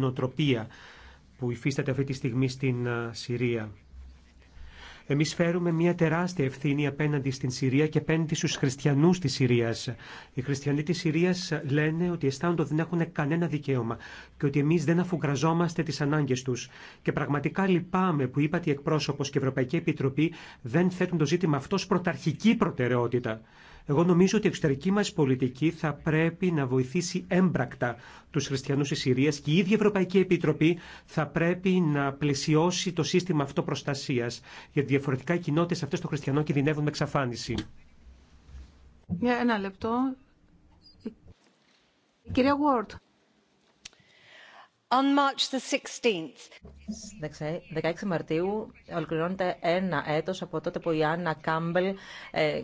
νοτροπία που υφίσταται αυτή τη στιγμή στην Συρία. Εμεί φέρουμε μια τεράστια ευθύνη απέναντι στην Συρία και απέναντι στου χριστιανού τη Συρία. Οι χριστιανοί τη Συρία λένε ότι αισθάνονται ότι δεν έχουν κανένα δικαίωμα και ότι εμεί δεν αφουγκραζόμαστε τι ανάγκε του. Και πραγματικά λυπάμαι που είπατε εκπρόσωπο και η Ευρωπαϊκή Επιτροπή δεν θέτουν το ζήτημα αυτό πρωταρχική προτεραιότητα. Εγώ νομίζω ότι η εξωτερική μα πολιτική θα πρέπει να βοηθήσει έμπρακτα του χριστιανού τη Συρία και η ίδια Ευρωπαϊκή Επιτροπή θα πρέπει να πλαισιώσει το σύστημα αυτό προστασία. Γιατί διαφορετικά οι κοινότητε αυτέ των χριστιανών κινδυνεύουν με εξαφάνιση. Για ένα λεπτό. κυρία On March the 16th. 16 Μαρτίου ολοκληρώνεται ένα έτος από τότε που η Άννα Κάμπελ ε,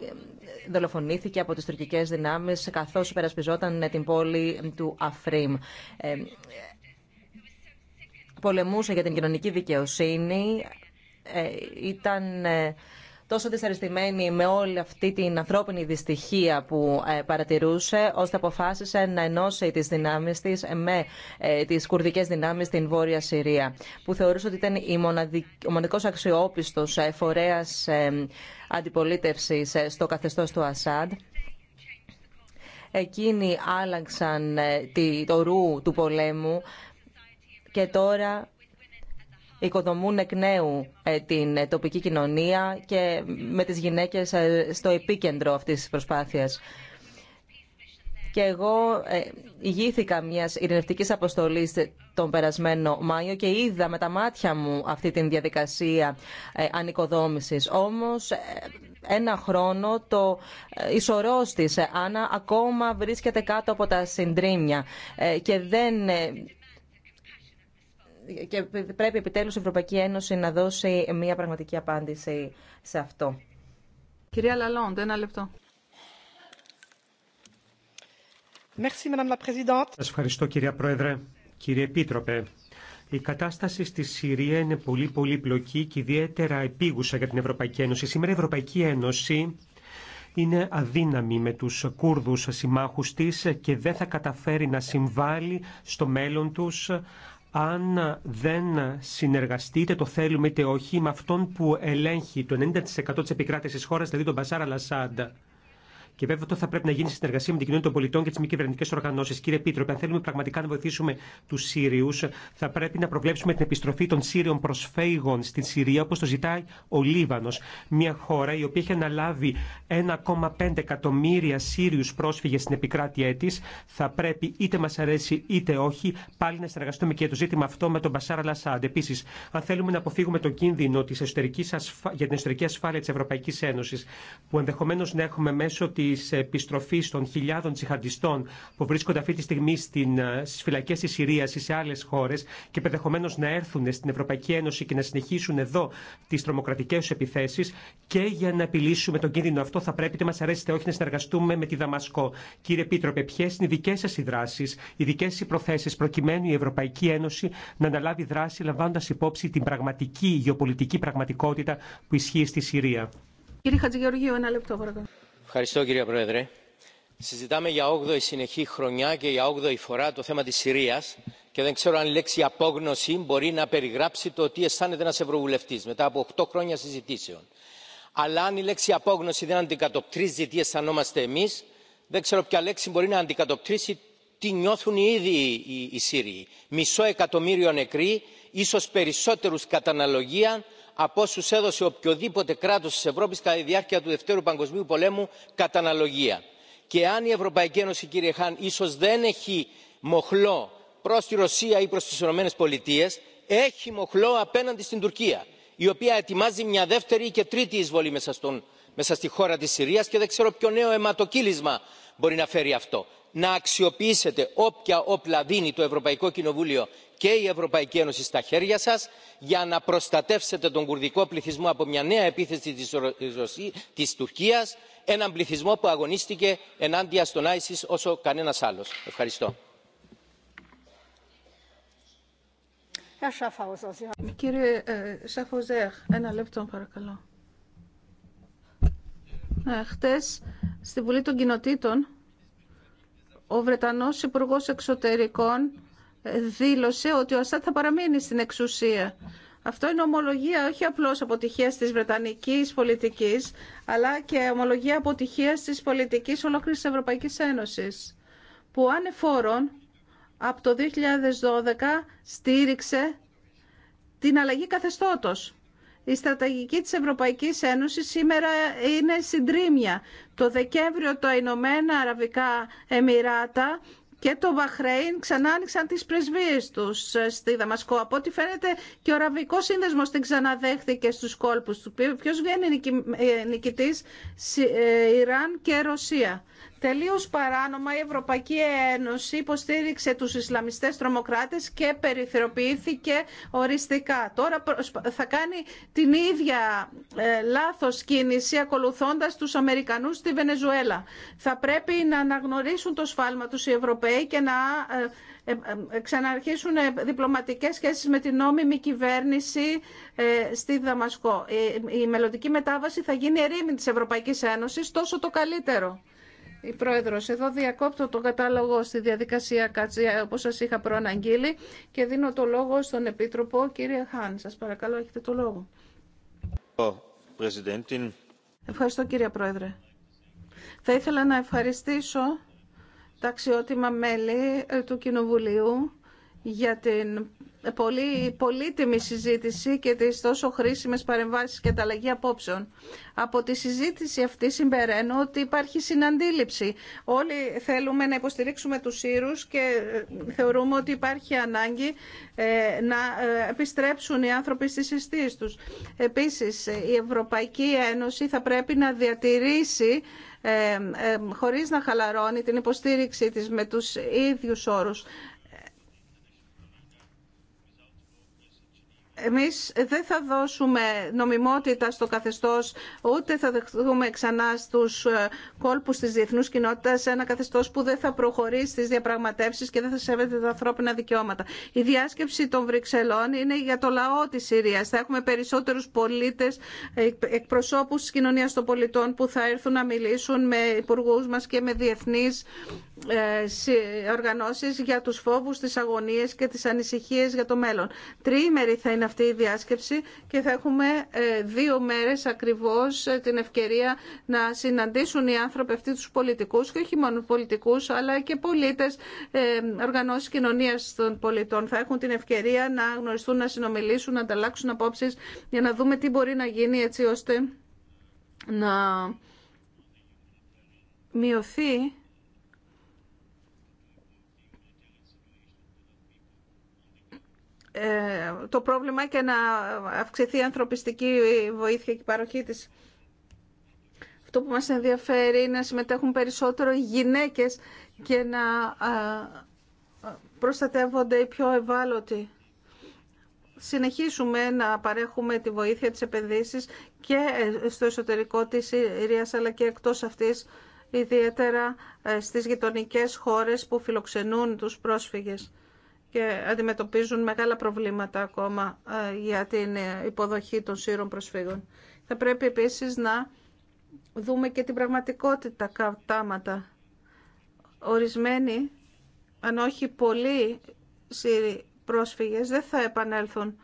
δολοφονήθηκε από τις τουρκικές δυνάμεις καθώς υπερασπιζόταν ε, την πόλη του Αφρίμ. Ε, πολεμούσε για την κοινωνική δικαιοσύνη, ήταν τόσο δυσαρεστημένη με όλη αυτή την ανθρώπινη δυστυχία που ε, παρατηρούσε, ώστε αποφάσισε να ενώσει τι δυνάμει τη με ε, τι κουρδικέ δυνάμει στην Βόρεια Συρία, που θεωρούσε ότι ήταν η μοναδικ... ο μοναδικό αξιόπιστο ε, φορέα αντιπολίτευση στο καθεστώ του Ασάντ. Εκείνοι άλλαξαν το ρου του πολέμου και τώρα οικοδομούν εκ νέου ε, την ε, τοπική κοινωνία και με τις γυναίκες ε, στο επίκεντρο αυτής της προσπάθειας. Και εγώ ηγήθηκα μιας ειρηνευτικής αποστολής τον περασμένο Μάιο και είδα με τα μάτια μου αυτή την διαδικασία ανοικοδόμησης. Όμως ένα χρόνο το ισορρός της Άννα ακόμα βρίσκεται κάτω από τα συντρίμια και δεν και πρέπει επιτέλους η Ευρωπαϊκή Ένωση να δώσει μια πραγματική απάντηση σε αυτό. Κυρία Λαλόντ, ένα λεπτό. Σας ευχαριστώ κυρία Πρόεδρε. Κύριε Επίτροπε, η κατάσταση στη Συρία είναι πολύ πολύ πλοκή... και ιδιαίτερα επίγουσα για την Ευρωπαϊκή Ένωση. Σήμερα η Ευρωπαϊκή Ένωση είναι αδύναμη με τους Κούρδους συμμάχους της και δεν θα καταφέρει να συμβάλλει στο μέλλον τους αν δεν συνεργαστείτε, το θέλουμε είτε όχι, με αυτόν που ελέγχει το 90% της επικράτησης χώρας, δηλαδή τον Μπασάρα Λασάντα. Και βέβαια αυτό θα πρέπει να γίνει στη συνεργασία με την κοινωνία των πολιτών και τι μη κυβερνητικέ οργανώσει. Κύριε Πίτροπε, αν θέλουμε πραγματικά να βοηθήσουμε του Σύριου, θα πρέπει να προβλέψουμε την επιστροφή των Σύριων προσφύγων στην Συρία, όπω το ζητάει ο Λίβανο. Μια χώρα η οποία έχει αναλάβει 1,5 εκατομμύρια Σύριου πρόσφυγε στην επικράτειά τη, θα πρέπει είτε μα αρέσει είτε όχι πάλι να συνεργαστούμε και το ζήτημα αυτό με τον Μπασάρα Λασάντ. Επίση, αν θέλουμε να αποφύγουμε το κίνδυνο της εσωτερικής για την εσωτερική ασφάλεια τη Ευρωπαϊκή Ένωση, που ενδεχομένω να έχουμε μέσω τη της επιστροφής των χιλιάδων τσιχαντιστών που βρίσκονται αυτή τη στιγμή ε, στις φυλακές της Συρίας ή σε άλλες χώρες και πεδεχομένως να έρθουν στην Ευρωπαϊκή Ένωση και να συνεχίσουν εδώ τις τρομοκρατικές τους επιθέσεις και για να επιλύσουμε τον κίνδυνο αυτό θα πρέπει, να μας αρέσει όχι, να συνεργαστούμε με τη Δαμασκό. Κύριε Επίτροπε, ποιες είναι οι δικές σας οι δράσεις, οι δικές οι προθέσεις προκειμένου η Ευρωπαϊκή Ένωση να αναλάβει δράση λαμβάνοντα υπόψη την πραγματική γεωπολιτική πραγματικότητα που ισχύει στη Συρία. Κύριε Χατζηγεωργίου, ένα λεπτό κύριε πρόεδρε συζητάμε για όγδοη συνεχή χρονιά και για όγδοη φορά το θέμα της συρίας και δεν ξέρω αν η λέξη απόγνωση μπορεί να περιγράψει το τι αισθάνεται ένας ευρωβουλευτής μετά από 8 χρόνια συζητήσεων. αλλά αν η λέξη απόγνωση δεν αντικατοπτρίζει τι αισθανόμαστε εμείς δεν ξέρω ποια λέξη μπορεί να αντικατοπτρίσει τι νιώθουν οι ίδιοι οι σύριοι μισό εκατομμύριο νεκροί ίσως περισσότερους κατά αναλογία από όσου έδωσε οποιοδήποτε κράτος τη Ευρώπη κατά τη διάρκεια του Δευτέρου Παγκοσμίου Πολέμου κατά αναλογία. Και αν η Ευρωπαϊκή Ένωση, κύριε Χάν, ίσως δεν έχει μοχλό προς τη Ρωσία ή προς τις Ηνωμένε Πολιτείε, έχει μοχλό απέναντι στην Τουρκία, η οποία ετοιμάζει μια δεύτερη και τρίτη εισβολή μέσα, στη χώρα τη Συρία και δεν ξέρω ποιο νέο αιματοκύλισμα μπορεί να φέρει αυτό να αξιοποιήσετε όποια όπλα δίνει το ευρωπαϊκό κοινοβούλιο και η ευρωπαϊκή ένωση στα χέρια σας για να προστατεύσετε τον κουρδικό πληθυσμό από μια νέα επίθεση της τουρκίας έναν πληθυσμό που αγωνίστηκε ενάντια στον isis όσο κανένας άλλος. ευχαριστώ. Βουλή των Κοινοτήτων ο Βρετανός Υπουργός Εξωτερικών δήλωσε ότι ο Ασάτ θα παραμείνει στην εξουσία. Αυτό είναι ομολογία όχι απλώς αποτυχίας της Βρετανικής πολιτικής, αλλά και ομολογία αποτυχίας της πολιτικής ολόκληρης της Ευρωπαϊκής Ένωσης, που ανεφόρον από το 2012 στήριξε την αλλαγή καθεστώτος. Η στρατηγική της Ευρωπαϊκής Ένωσης σήμερα είναι συντρίμια. Το Δεκέμβριο το Ηνωμένα Αραβικά Εμμυράτα και το Βαχρέιν ξανά άνοιξαν τις πρεσβείες τους ε, στη Δαμασκό. Από ό,τι φαίνεται και ο Αραβικός Σύνδεσμος την ξαναδέχθηκε στους κόλπους του. Ποιος βγαίνει ε, νικητής, ε, Ιράν και Ρωσία. Τελείως παράνομα η Ευρωπαϊκή Ένωση υποστήριξε τους Ισλαμιστές τρομοκράτες και περιθεροποιήθηκε οριστικά. Τώρα θα κάνει την ίδια ε, λάθος κίνηση ακολουθώντας τους Αμερικανούς στη Βενεζουέλα. Θα πρέπει να αναγνωρίσουν το σφάλμα τους οι Ευρωπαίοι και να ε, ε, ξαναρχίσουν διπλωματικές σχέσεις με την νόμιμη κυβέρνηση στη Δαμασκό. Η μελλοντική μετάβαση θα γίνει ερήμη της Ευρωπαϊκής Ένωσης, τόσο το καλύτερο η Πρόεδρος. Εδώ διακόπτω το κατάλογο στη διαδικασία κάτσε, όπως σας είχα προαναγγείλει, και δίνω το λόγο στον Επίτροπο, κύριε Χάν. σα παρακαλώ, έχετε το λόγο. Ευχαριστώ, κύριε Πρόεδρε. Θα ήθελα να ευχαριστήσω τα αξιότιμα μέλη ε, του Κοινοβουλίου για την πολύ πολύτιμη συζήτηση και τις τόσο χρήσιμες παρεμβάσεις και ανταλλαγή απόψεων. Από τη συζήτηση αυτή συμπεραίνω ότι υπάρχει συναντήληψη. Όλοι θέλουμε να υποστηρίξουμε τους ήρους και ε, θεωρούμε ότι υπάρχει ανάγκη ε, να ε, επιστρέψουν οι άνθρωποι στις αιστείες τους. Επίσης, η Ευρωπαϊκή Ένωση θα πρέπει να διατηρήσει χωρίς να χαλαρώνει την υποστήριξή της με τους ίδιους όρους εμείς δεν θα δώσουμε νομιμότητα στο καθεστώς, ούτε θα δεχθούμε ξανά στους ε, κόλπους της διεθνούς κοινότητας σε ένα καθεστώς που δεν θα προχωρεί στις διαπραγματεύσεις και δεν θα σέβεται τα ανθρώπινα δικαιώματα. Η διάσκεψη των Βρυξελών είναι για το λαό της Συρίας. Θα έχουμε περισσότερους πολίτες, εκπροσώπους της κοινωνίας των πολιτών που θα έρθουν να μιλήσουν με υπουργού μας και με διεθνείς ε, οργανώσεις για τους φόβους, τις αγωνίες και τις ανησυχίες για το μέλλον. Τριήμερη θα είναι αυτή η διάσκεψη και θα έχουμε ε, δύο μέρες ακριβώς ε, την ευκαιρία να συναντήσουν οι άνθρωποι αυτοί τους πολιτικούς και όχι μόνο πολιτικούς αλλά και πολίτες, οργανώσεις κοινωνίας των πολιτών. Θα έχουν την ευκαιρία να γνωριστούν, να συνομιλήσουν, να ανταλλάξουν απόψεις για να δούμε τι μπορεί να γίνει έτσι ώστε να μειωθεί Ε, το πρόβλημα και να αυξηθεί η ανθρωπιστική βοήθεια και η παροχή της. Αυτό που μας ενδιαφέρει είναι να συμμετέχουν περισσότερο οι γυναίκες και να ε, προστατεύονται οι πιο ευάλωτοι. Συνεχίσουμε να παρέχουμε τη βοήθεια της επενδύσης και ε, στο εσωτερικό της Συρίας αλλά και εκτός αυτής ιδιαίτερα στις γειτονικές χώρες που φιλοξενούν τους πρόσφυγες και αντιμετωπίζουν μεγάλα προβλήματα ακόμα ε, για την ε, υποδοχή των σύρων προσφύγων. Θα πρέπει επίσης να δούμε και την πραγματικότητα κατάματα. Ορισμένοι, αν όχι πολλοί σύροι πρόσφυγες, δεν θα επανέλθουν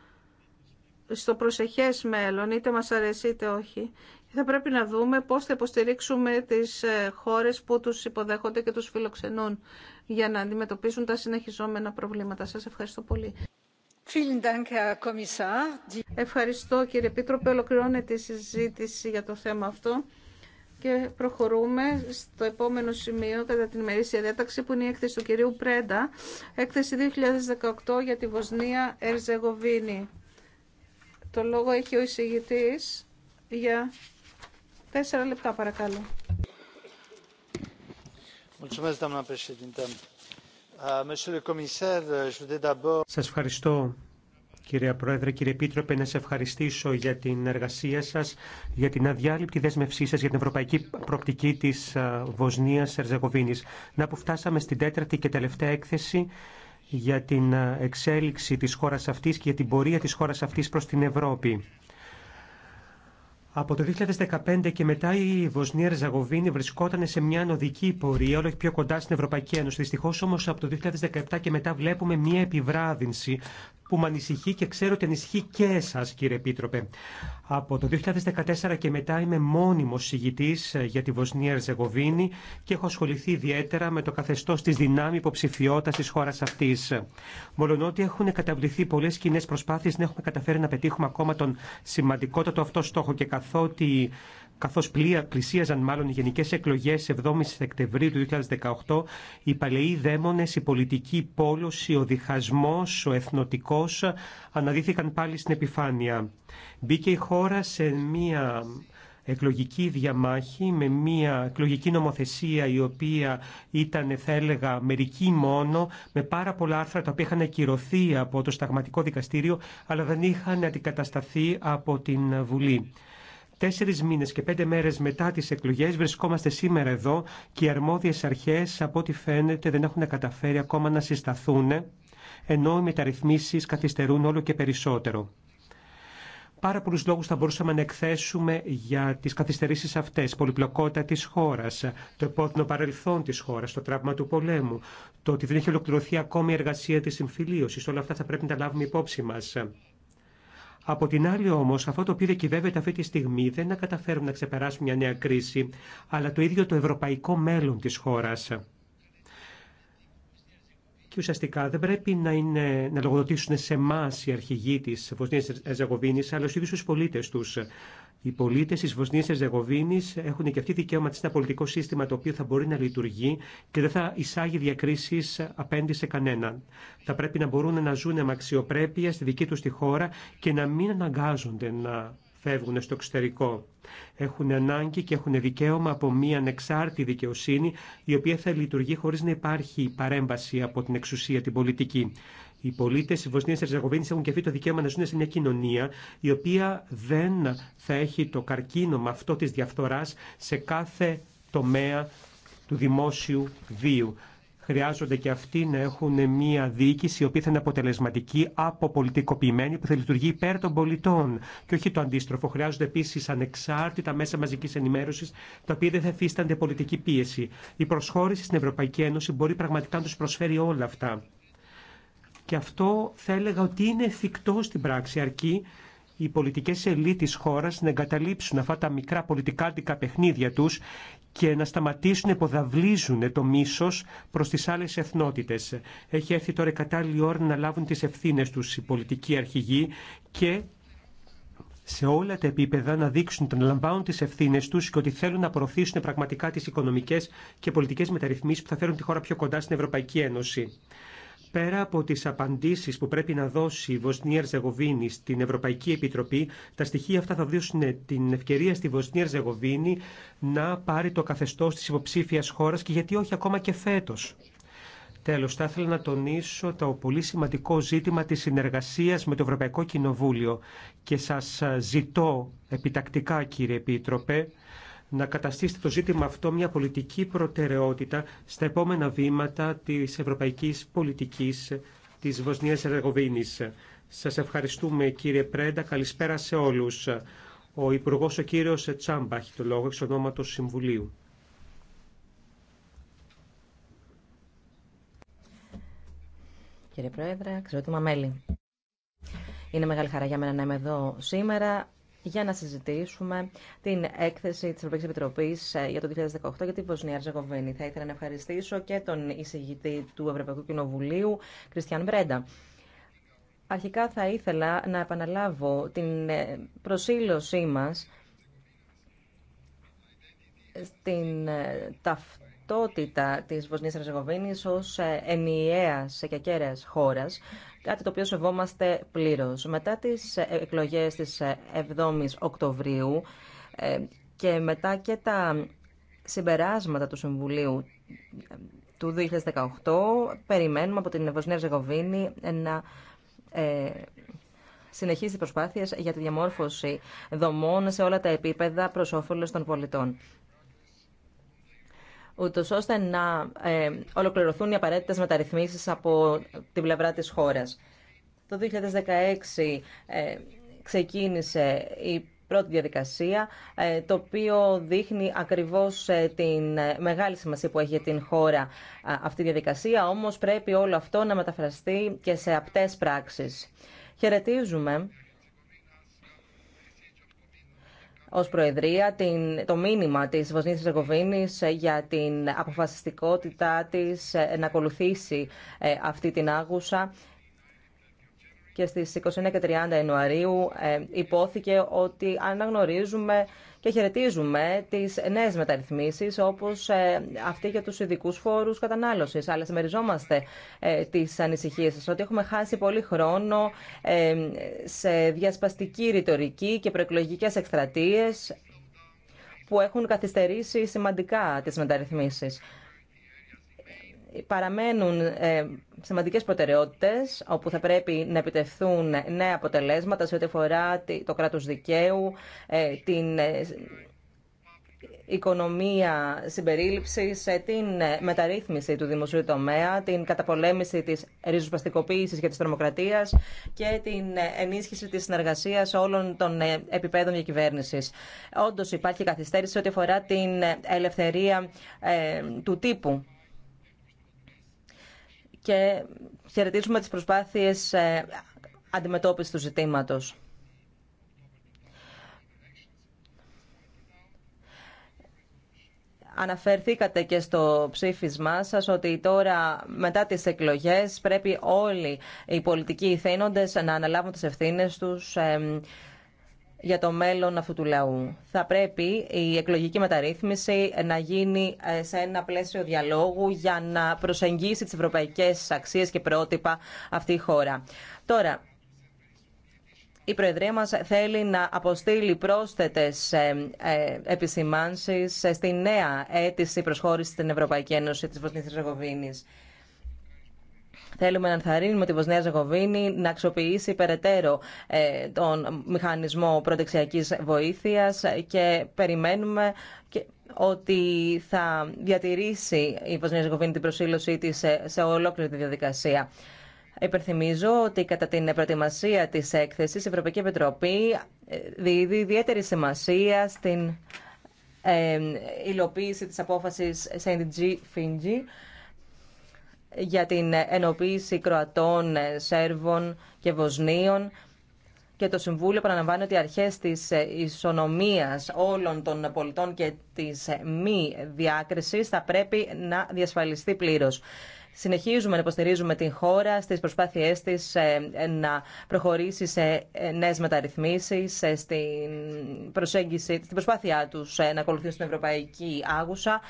στο προσεχές μέλλον, είτε μας αρέσει είτε όχι θα πρέπει να δούμε πώς θα υποστηρίξουμε τις ε, χώρες που τους υποδέχονται και τους φιλοξενούν για να αντιμετωπίσουν τα συνεχιζόμενα προβλήματα. Σας ευχαριστώ πολύ. Ευχαριστώ κύριε Επίτροπε. Ολοκληρώνεται η συζήτηση για το θέμα αυτό. Και προχωρούμε στο επόμενο σημείο κατά την ημερήσια διάταξη που είναι η έκθεση του κυρίου Πρέντα, έκθεση 2018 για τη Βοσνία Ερζεγοβίνη. Το λόγο έχει ο εισηγητής για Τέσσερα λεπτά παρακαλώ. Uh, uh, σας ευχαριστώ Κύριε Πρόεδρε, κύριε Επίτροπε, να σε ευχαριστήσω για την εργασία σα, για την αδιάλειπτη δέσμευσή σα για την ευρωπαϊκή προοπτική τη uh, Βοσνία Ερζεγοβίνη. Να που φτάσαμε στην τέταρτη και τελευταία έκθεση για την εξέλιξη της χώρας αυτής και για την πορεία της χώρας αυτής προς την Ευρώπη. Από το 2015 και μετά η Βοσνία Ριζαγοβίνη βρισκόταν σε μια ανωδική πορεία, όλο και πιο κοντά στην Ευρωπαϊκή Ένωση. Δυστυχώ όμω από το 2017 και μετά βλέπουμε μια επιβράδυνση που με ανησυχεί και ξέρω ότι ανησυχεί και εσάς κύριε Επίτροπε. Από το 2014 και μετά είμαι μόνιμος συγητή ε, για τη Βοσνία Ερζεγοβίνη και έχω ασχοληθεί ιδιαίτερα με το καθεστώς τη δυνάμει υποψηφιότητα τη χώρα αυτή. Μολονότι έχουν καταβληθεί πολλές κοινέ προσπάθειες να έχουμε καταφέρει να πετύχουμε ακόμα τον σημαντικότατο αυτό στόχο και καθότι καθώς πλησίαζαν μάλλον οι γενικές εκλογές 7 Σεπτεμβρίου του 2018, οι παλαιοί δαίμονες, η πολιτική πόλωση, ο διχασμός, ο εθνοτικός αναδύθηκαν πάλι στην επιφάνεια. Μπήκε η χώρα σε μία εκλογική διαμάχη με μια εκλογική νομοθεσία η οποία ήταν θα έλεγα μερική μόνο με πάρα πολλά άρθρα τα οποία είχαν ακυρωθεί από το σταγματικό δικαστήριο αλλά δεν είχαν αντικατασταθεί από την Βουλή. Τέσσερι μήνε και πέντε μέρε μετά τι εκλογέ βρισκόμαστε σήμερα εδώ και οι αρμόδιε αρχέ, από ό,τι φαίνεται, δεν έχουν καταφέρει ακόμα να συσταθούν, ενώ οι μεταρρυθμίσει καθυστερούν όλο και περισσότερο. Πάρα πολλού λόγου θα μπορούσαμε να εκθέσουμε για τι καθυστερήσει αυτέ. Πολυπλοκότητα τη χώρα, το επόμενο παρελθόν τη χώρα, το τραύμα του πολέμου, το ότι δεν έχει ολοκληρωθεί ακόμη η εργασία τη συμφιλίωση. Όλα αυτά θα πρέπει να τα λάβουμε υπόψη μα. Από την άλλη όμω, αυτό το οποίο διακυβεύεται αυτή τη στιγμή δεν να καταφέρουμε να ξεπεράσουμε μια νέα κρίση, αλλά το ίδιο το ευρωπαϊκό μέλλον τη χώρα και ουσιαστικά δεν πρέπει να, είναι, να λογοδοτήσουν σε εμά οι αρχηγοί τη Βοσνία Ερζεγοβίνη, αλλά στου ίδιου του πολίτε του. Οι πολίτε τη Βοσνία Ερζεγοβίνη έχουν και αυτή δικαίωμα σε ένα πολιτικό σύστημα το οποίο θα μπορεί να λειτουργεί και δεν θα εισάγει διακρίσει απέναντι σε κανέναν. Θα πρέπει να μπορούν να ζουν με αξιοπρέπεια στη δική του τη χώρα και να μην αναγκάζονται να φεύγουν στο εξωτερικό. Έχουν ανάγκη και έχουν δικαίωμα από μια ανεξάρτητη δικαιοσύνη η οποία θα λειτουργεί χωρίς να υπάρχει παρέμβαση από την εξουσία, την πολιτική. Οι πολίτε τη Βοσνία Ερζεγοβίνη έχουν και αυτοί το δικαίωμα να ζουν σε μια κοινωνία η οποία δεν θα έχει το καρκίνωμα αυτό τη διαφθορά σε κάθε τομέα του δημόσιου βίου χρειάζονται και αυτοί να έχουν μια διοίκηση η οποία θα είναι αποτελεσματική, αποπολιτικοποιημένη, που θα λειτουργεί υπέρ των πολιτών και όχι το αντίστροφο. Χρειάζονται επίση ανεξάρτητα μέσα μαζική ενημέρωση, τα οποία δεν θα εφίστανται πολιτική πίεση. Η προσχώρηση στην Ευρωπαϊκή Ένωση μπορεί πραγματικά να του προσφέρει όλα αυτά. Και αυτό θα έλεγα ότι είναι εφικτό στην πράξη, αρκεί οι πολιτικές ελίτ της χώρας να εγκαταλείψουν αυτά τα μικρά πολιτικά παιχνίδια τους και να σταματήσουν να υποδαβλίζουν το μίσο προ τι άλλε εθνότητε. Έχει έρθει τώρα η κατάλληλη ώρα να λάβουν τι ευθύνε του οι πολιτικοί αρχηγοί και σε όλα τα επίπεδα να δείξουν ότι λαμβάνουν τι ευθύνε του και ότι θέλουν να προωθήσουν πραγματικά τι οικονομικέ και πολιτικέ μεταρρυθμίσει που θα φέρουν τη χώρα πιο κοντά στην Ευρωπαϊκή Ένωση. Πέρα από τις απαντήσεις που πρέπει να δώσει η Βοσνία Ερζεγοβίνη στην Ευρωπαϊκή Επιτροπή, τα στοιχεία αυτά θα δώσουν την ευκαιρία στη Βοσνία Ερζεγοβίνη να πάρει το καθεστώς της υποψήφια χώρας και γιατί όχι ακόμα και φέτο. Τέλος, θα ήθελα να τονίσω το πολύ σημαντικό ζήτημα της συνεργασίας με το Ευρωπαϊκό Κοινοβούλιο και σα ζητώ επιτακτικά κύριε Επίτροπε να καταστήσετε το ζήτημα αυτό μια πολιτική προτεραιότητα στα επόμενα βήματα της ευρωπαϊκής πολιτικής της Βοσνίας Ερεγοβίνης. Σας ευχαριστούμε κύριε Πρέντα. Καλησπέρα σε όλους. Ο Υπουργός ο κύριος Τσάμπα έχει το λόγο εξ ονόματος Συμβουλίου. Κύριε Πρόεδρε, ξέρω μέλη. Είναι μεγάλη χαρά για μένα να είμαι εδώ σήμερα για να συζητήσουμε την έκθεση της Ευρωπαϊκής Επιτροπής ε, για το 2018 για την Βοσνία Ριζεγοβίνη. Θα ήθελα να ευχαριστήσω και τον εισηγητή του Ευρωπαϊκού Κοινοβουλίου, Κριστιαν Μπρέντα. Αρχικά θα ήθελα να επαναλάβω την ε, προσήλωσή μας στην ε, ταυτότητα της Βοσνίας ραζεγοβινης ως ενιαίας και ακέραιας χώρας κάτι το οποίο σεβόμαστε πλήρως. Μετά τις ε, εκλογές της 7ης ε, Οκτωβρίου ε, και μετά και τα συμπεράσματα του Συμβουλίου του 2018, περιμένουμε από την Βοσνία Ζεγοβίνη να συνεχίσει τις προσπάθειες για τη διαμόρφωση δομών σε όλα τα επίπεδα προς όφελος των πολιτών ούτως ώστε να ε, ολοκληρωθούν οι απαραίτητες μεταρρυθμίσεις από την πλευρά της χώρας. Το 2016 ε, ξεκίνησε η πρώτη διαδικασία, ε, το οποίο δείχνει ακριβώς την μεγάλη σημασία που έχει για την χώρα αυτή η διαδικασία, όμως πρέπει όλο αυτό να μεταφραστεί και σε απτές πράξεις. Χαιρετίζουμε Ω Προεδρία την, το μήνυμα τη Βοσνία Ερζεγοβίνης ε, για την αποφασιστικότητά τη ε, να ακολουθήσει ε, αυτή την άγουσα και στις 29 και 30 Ιανουαρίου υπόθηκε ότι αναγνωρίζουμε και χαιρετίζουμε τις νέες μεταρρυθμίσεις όπως ε, αυτή για τους ειδικού φόρους κατανάλωσης. Αλλά συμμεριζόμαστε ε, τις ανησυχίε σα, ότι έχουμε χάσει πολύ χρόνο ε, σε διασπαστική ρητορική και προεκλογικέ εκστρατείε που έχουν καθυστερήσει σημαντικά τις μεταρρυθμίσεις παραμένουν ε, σημαντικές προτεραιότητες όπου θα πρέπει να επιτευθούν νέα αποτελέσματα σε ό,τι αφορά το κράτος δικαίου, ε, την ε, οικονομία συμπερίληψης, την μεταρρύθμιση του δημοσίου τομέα, την καταπολέμηση της ριζοσπαστικοποίησης και της τρομοκρατίας και την ενίσχυση της συνεργασίας όλων των επιπέδων διακυβέρνησης. Όντως υπάρχει καθυστέρηση σε ό,τι αφορά την ελευθερία του τύπου και χαιρετίζουμε τις προσπάθειες ε, αντιμετώπισης του ζητήματος. Αναφερθήκατε και στο ψήφισμά σας ότι τώρα μετά τις εκλογές πρέπει όλοι οι πολιτικοί ηθήνοντες να αναλάβουν τις ευθύνες τους ε, για το μέλλον αυτού του λαού. Θα πρέπει η εκλογική μεταρρύθμιση να γίνει ε, σε ένα πλαίσιο διαλόγου για να προσεγγίσει τις ευρωπαϊκές αξίες και πρότυπα αυτή η χώρα. Τώρα, η Προεδρία μας θέλει να αποστείλει πρόσθετες ε, ε, επισημάνσεις στη νέα αίτηση προσχώρησης στην Ευρωπαϊκή Ένωση της Βοσνίας Ρεγοβίνης. Θέλουμε να ενθαρρύνουμε τη Βοσνία Ζεγοβίνη να αξιοποιήσει περαιτέρω ε, τον μηχανισμό προτεξιακής βοήθειας και περιμένουμε και ότι θα διατηρήσει η Βοσνία Ζεγοβίνη την προσήλωσή της σε, σε ολόκληρη τη διαδικασία. Υπενθυμίζω ότι κατά την προετοιμασία της έκθεσης η Ευρωπαϊκή Επιτροπή ε, δίδει ιδιαίτερη σημασία στην ε, υλοποίηση της απόφασης ΣΕΝΤΙΤΖΙ G για την ενοποίηση Κροατών, Σέρβων και Βοσνίων και το Συμβούλιο παραλαμβάνει ότι οι αρχές της ισονομίας όλων των πολιτών και της μη διάκρισης θα πρέπει να διασφαλιστεί πλήρως. Συνεχίζουμε να υποστηρίζουμε την χώρα στις προσπάθειές της ε, να προχωρήσει σε ε, νέες μεταρρυθμίσεις, ε, στην, προσέγγιση, στην προσπάθειά τους να ακολουθήσουν την ευρωπαϊκή άγουσα.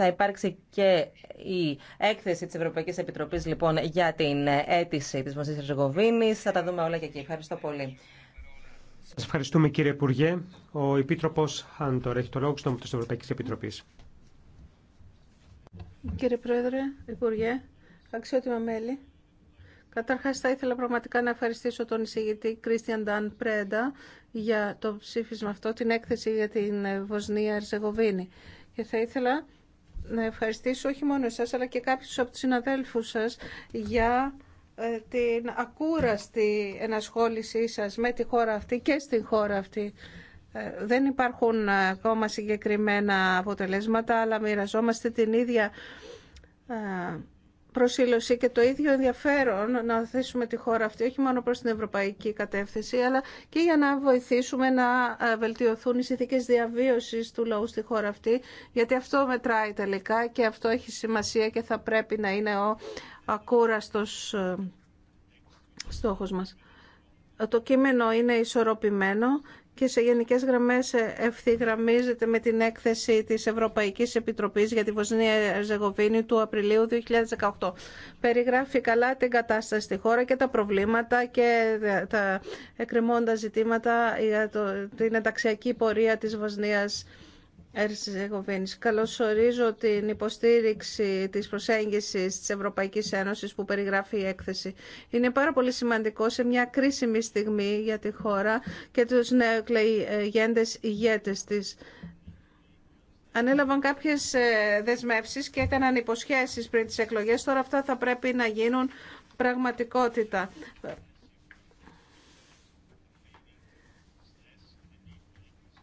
Θα υπάρξει και η έκθεση της Ευρωπαϊκής Επιτροπής λοιπόν, για την αίτηση της Μασής Ριζογοβίνης. Θα τα δούμε όλα και εκεί. Ευχαριστώ πολύ. Σας ευχαριστούμε κύριε Υπουργέ. Ο Επίτροπος Χάντορ έχει το λόγο στο της Ευρωπαϊκής Επιτροπής. Κύριε Πρόεδρε, Υπουργέ, αξιότιμα μέλη. Καταρχάς θα ήθελα πραγματικά να ευχαριστήσω τον εισηγητή Κρίστιαν Νταν Πρέντα για το ψήφισμα αυτό, την έκθεση για την Βοσνία Ερζεγοβίνη. Και θα ήθελα να ευχαριστήσω όχι μόνο εσάς αλλά και κάποιους από τους συναδέλφους σας για ε, την ακούραστη ενασχόλησή σας με τη χώρα αυτή και στην χώρα αυτή. Ε, δεν υπάρχουν ε, ακόμα συγκεκριμένα αποτελέσματα, αλλά μοιραζόμαστε την ίδια προσήλωση και το ίδιο ενδιαφέρον να θέσουμε τη χώρα αυτή όχι μόνο προς την ευρωπαϊκή κατεύθυνση αλλά και για να βοηθήσουμε να ε, βελτιωθούν οι συνθήκες διαβίωσης του λαού στη χώρα αυτή γιατί αυτό μετράει τελικά και αυτό έχει σημασία και θα πρέπει να είναι ο ακούραστος ε, στόχος μας. Το κείμενο είναι ισορροπημένο και σε γενικές γραμμές ευθυγραμμίζεται με την έκθεση της Ευρωπαϊκής Επιτροπής για τη Βοσνία Ερζεγοβίνη του Απριλίου 2018. Περιγράφει καλά την κατάσταση στη χώρα και τα προβλήματα και τα εκκρεμώντα ζητήματα για την ενταξιακή πορεία της Βοσνίας καλώς Καλωσορίζω την υποστήριξη της προσέγγισης της Ευρωπαϊκής Ένωσης που περιγράφει η έκθεση. Είναι πάρα πολύ σημαντικό σε μια κρίσιμη στιγμή για τη χώρα και τους νεοκλαϊγέντες ηγέτες της. Ανέλαβαν κάποιες ε, δεσμεύσεις και έκαναν υποσχέσεις πριν τις εκλογές. Τώρα αυτά θα πρέπει να γίνουν πραγματικότητα.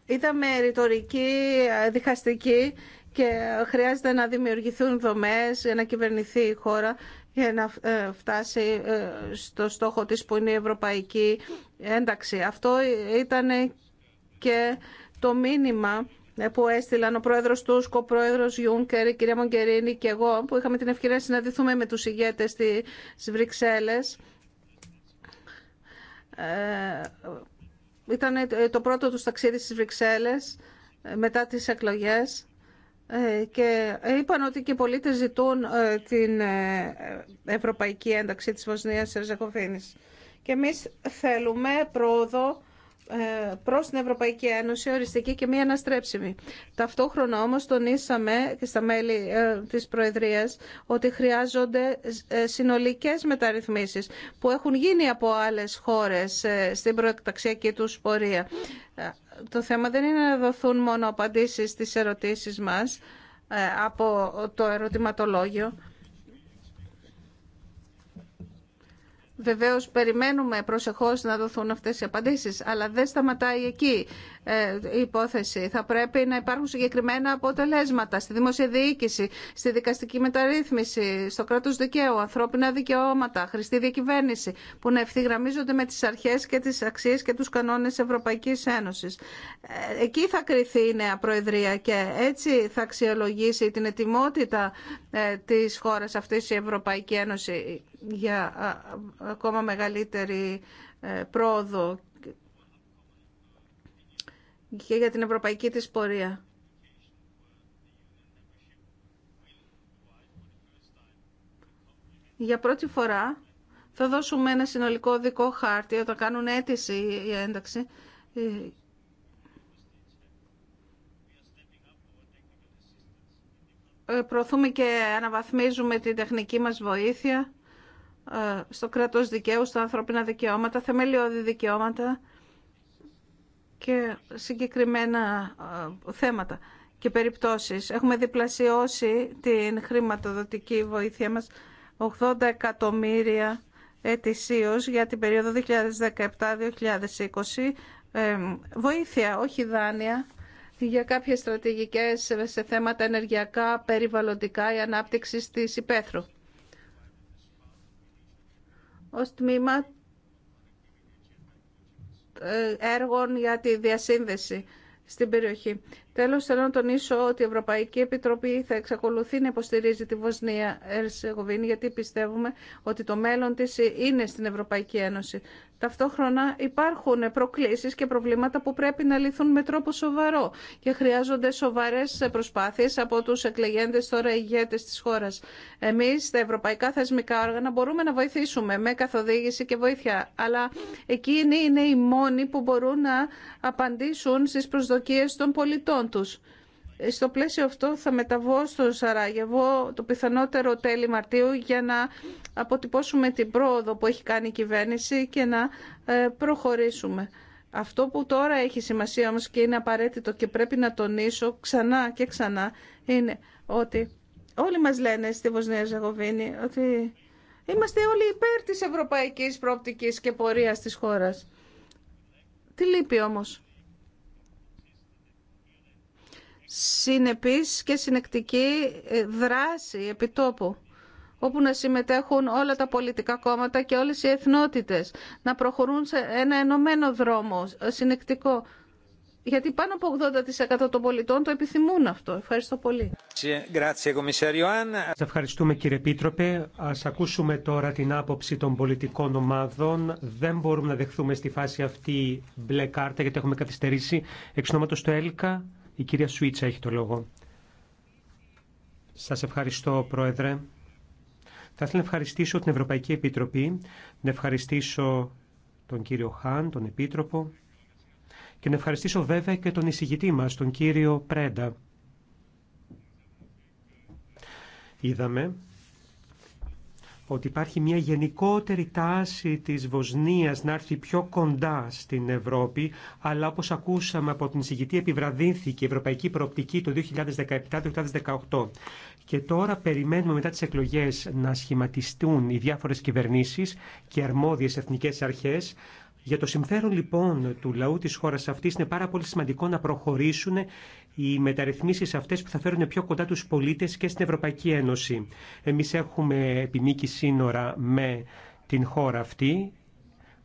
Είδαμε ρητορική, διχαστική και χρειάζεται να δημιουργηθούν δομές για να κυβερνηθεί η χώρα για να ε, φτάσει ε, στο στόχο της που είναι η ευρωπαϊκή ένταξη. Αυτό ήταν και το μήνυμα που έστειλαν ο πρόεδρος Τούσκο, ο πρόεδρος Γιούνκερ, η κυρία Μογκερίνη και εγώ που είχαμε την ευκαιρία να συναντηθούμε με τους ηγέτες της Βρυξέλλες ε, ήταν ε, το πρώτο του ταξίδι στις Βρυξέλλες ε, μετά τις εκλογές ε, και είπαν ότι και οι πολίτες ζητούν την ευρωπαϊκή ένταξη της Βοσνίας Ερζεγοβίνης. Και εμείς θέλουμε πρόοδο ε, προς την Ευρωπαϊκή Ένωση οριστική και μη αναστρέψιμη. Ταυτόχρονα όμως τονίσαμε και στα μέλη ε, της Προεδρίας ότι χρειάζονται ε, συνολικές μεταρρυθμίσεις που έχουν γίνει από άλλες χώρες στην προεκταξιακή του πορεία. Το θέμα δεν είναι να δοθούν μόνο απαντήσεις στις ερωτήσεις μας από το ερωτηματολόγιο Βεβαίως περιμένουμε προσεχώς να δοθούν αυτές οι απαντήσεις, αλλά δεν σταματάει εκεί η ε, υπόθεση. Θα πρέπει να υπάρχουν συγκεκριμένα αποτελέσματα στη δημόσια διοίκηση, στη δικαστική μεταρρύθμιση, στο κράτο δικαίου, ανθρώπινα δικαιώματα, χρηστή διακυβέρνηση, που να ευθυγραμμίζονται με τι αρχέ και τι αξίε και του κανόνε Ευρωπαϊκή Ένωση. Ε, εκεί θα κρυθεί η νέα Προεδρία και έτσι θα αξιολογήσει την ετοιμότητα ε, τη χώρα αυτή η Ευρωπαϊκή Ένωση για ακόμα μεγαλύτερη πρόοδο και για την ευρωπαϊκή της πορεία. Για πρώτη φορά θα δώσουμε ένα συνολικό δικό χάρτη όταν κάνουν αίτηση η ένταξη ε, προωθούμε και αναβαθμίζουμε την τεχνική μας βοήθεια ε, στο κράτος δικαίου, στα ανθρώπινα δικαιώματα, θεμελιώδη δικαιώματα, και συγκεκριμένα ε, θέματα και περιπτώσεις. Έχουμε διπλασιώσει την χρηματοδοτική βοήθεια μας 80 εκατομμύρια ετησίως για την περίοδο 2017-2020 ε, βοήθεια, όχι δάνεια, για κάποιες στρατηγικές σε θέματα ενεργειακά, περιβαλλοντικά ή ανάπτυξη της υπαίθρου. Ως τμήμα ε, έργων για τη διασύνδεση στην περιοχή. Τέλος, θέλω να τονίσω ότι η Ευρωπαϊκή Επιτροπή θα εξακολουθεί να υποστηρίζει τη Βοσνία Ερσεγοβίνη, γιατί πιστεύουμε ότι το μέλλον της είναι στην Ευρωπαϊκή Ένωση. Ταυτόχρονα υπάρχουν προκλήσεις και προβλήματα που πρέπει να λυθούν με τρόπο σοβαρό και χρειάζονται σοβαρές προσπάθειες από τους εκλεγέντες τώρα ηγέτες της χώρας. Εμείς, τα ευρωπαϊκά θεσμικά όργανα, μπορούμε να βοηθήσουμε με καθοδήγηση και βοήθεια, αλλά εκείνοι είναι οι μόνοι που μπορούν να απαντήσουν στις προσδοκίες των πολιτών τους. Ε, στο πλαίσιο αυτό θα μεταβώ στο Σαράγεβο το πιθανότερο τέλη Μαρτίου για να αποτυπώσουμε την πρόοδο που έχει κάνει η κυβέρνηση και να ε, προχωρήσουμε. Αυτό που τώρα έχει σημασία όμως και είναι απαραίτητο και πρέπει να τονίσω ξανά και ξανά είναι ότι όλοι μας λένε στη Βοσνία Ζαγοβίνη ότι είμαστε όλοι υπέρ της ευρωπαϊκής πρόπτικης και πορείας της χώρας. Τι λείπει όμως συνεπής και συνεκτική ε, δράση επιτόπου όπου να συμμετέχουν όλα τα πολιτικά κόμματα και όλες οι εθνότητες, να προχωρούν σε ένα ενωμένο δρόμο, ε, συνεκτικό. Γιατί πάνω από 80% των πολιτών το επιθυμούν αυτό. Ευχαριστώ πολύ. Σας ευχαριστούμε κύριε Πίτροπε. Ας ακούσουμε τώρα την άποψη των πολιτικών ομάδων. Δεν μπορούμε να δεχθούμε στη φάση αυτή μπλε κάρτα γιατί έχουμε καθυστερήσει. Εξ του ΕΛΚΑ, η κυρία Σουίτσα έχει το λόγο. Σας ευχαριστώ, Πρόεδρε. Θα ήθελα να ευχαριστήσω την Ευρωπαϊκή Επιτροπή, να ευχαριστήσω τον κύριο Χάν, τον Επίτροπο και να ευχαριστήσω βέβαια και τον εισηγητή μας, τον κύριο Πρέντα. Είδαμε ότι υπάρχει μια γενικότερη τάση της Βοσνίας να έρθει πιο κοντά στην Ευρώπη, αλλά όπως ακούσαμε από την συγκητή επιβραδύνθηκε η Ευρωπαϊκή Προοπτική το 2017-2018. Και τώρα περιμένουμε μετά τις εκλογές να σχηματιστούν οι διάφορες κυβερνήσεις και αρμόδιες εθνικές αρχές, για το συμφέρον λοιπόν του λαού της χώρας αυτής είναι πάρα πολύ σημαντικό να προχωρήσουν οι μεταρρυθμίσεις αυτές που θα φέρουν πιο κοντά τους πολίτες και στην Ευρωπαϊκή Ένωση. Εμείς έχουμε επιμήκη σύνορα με την χώρα αυτή.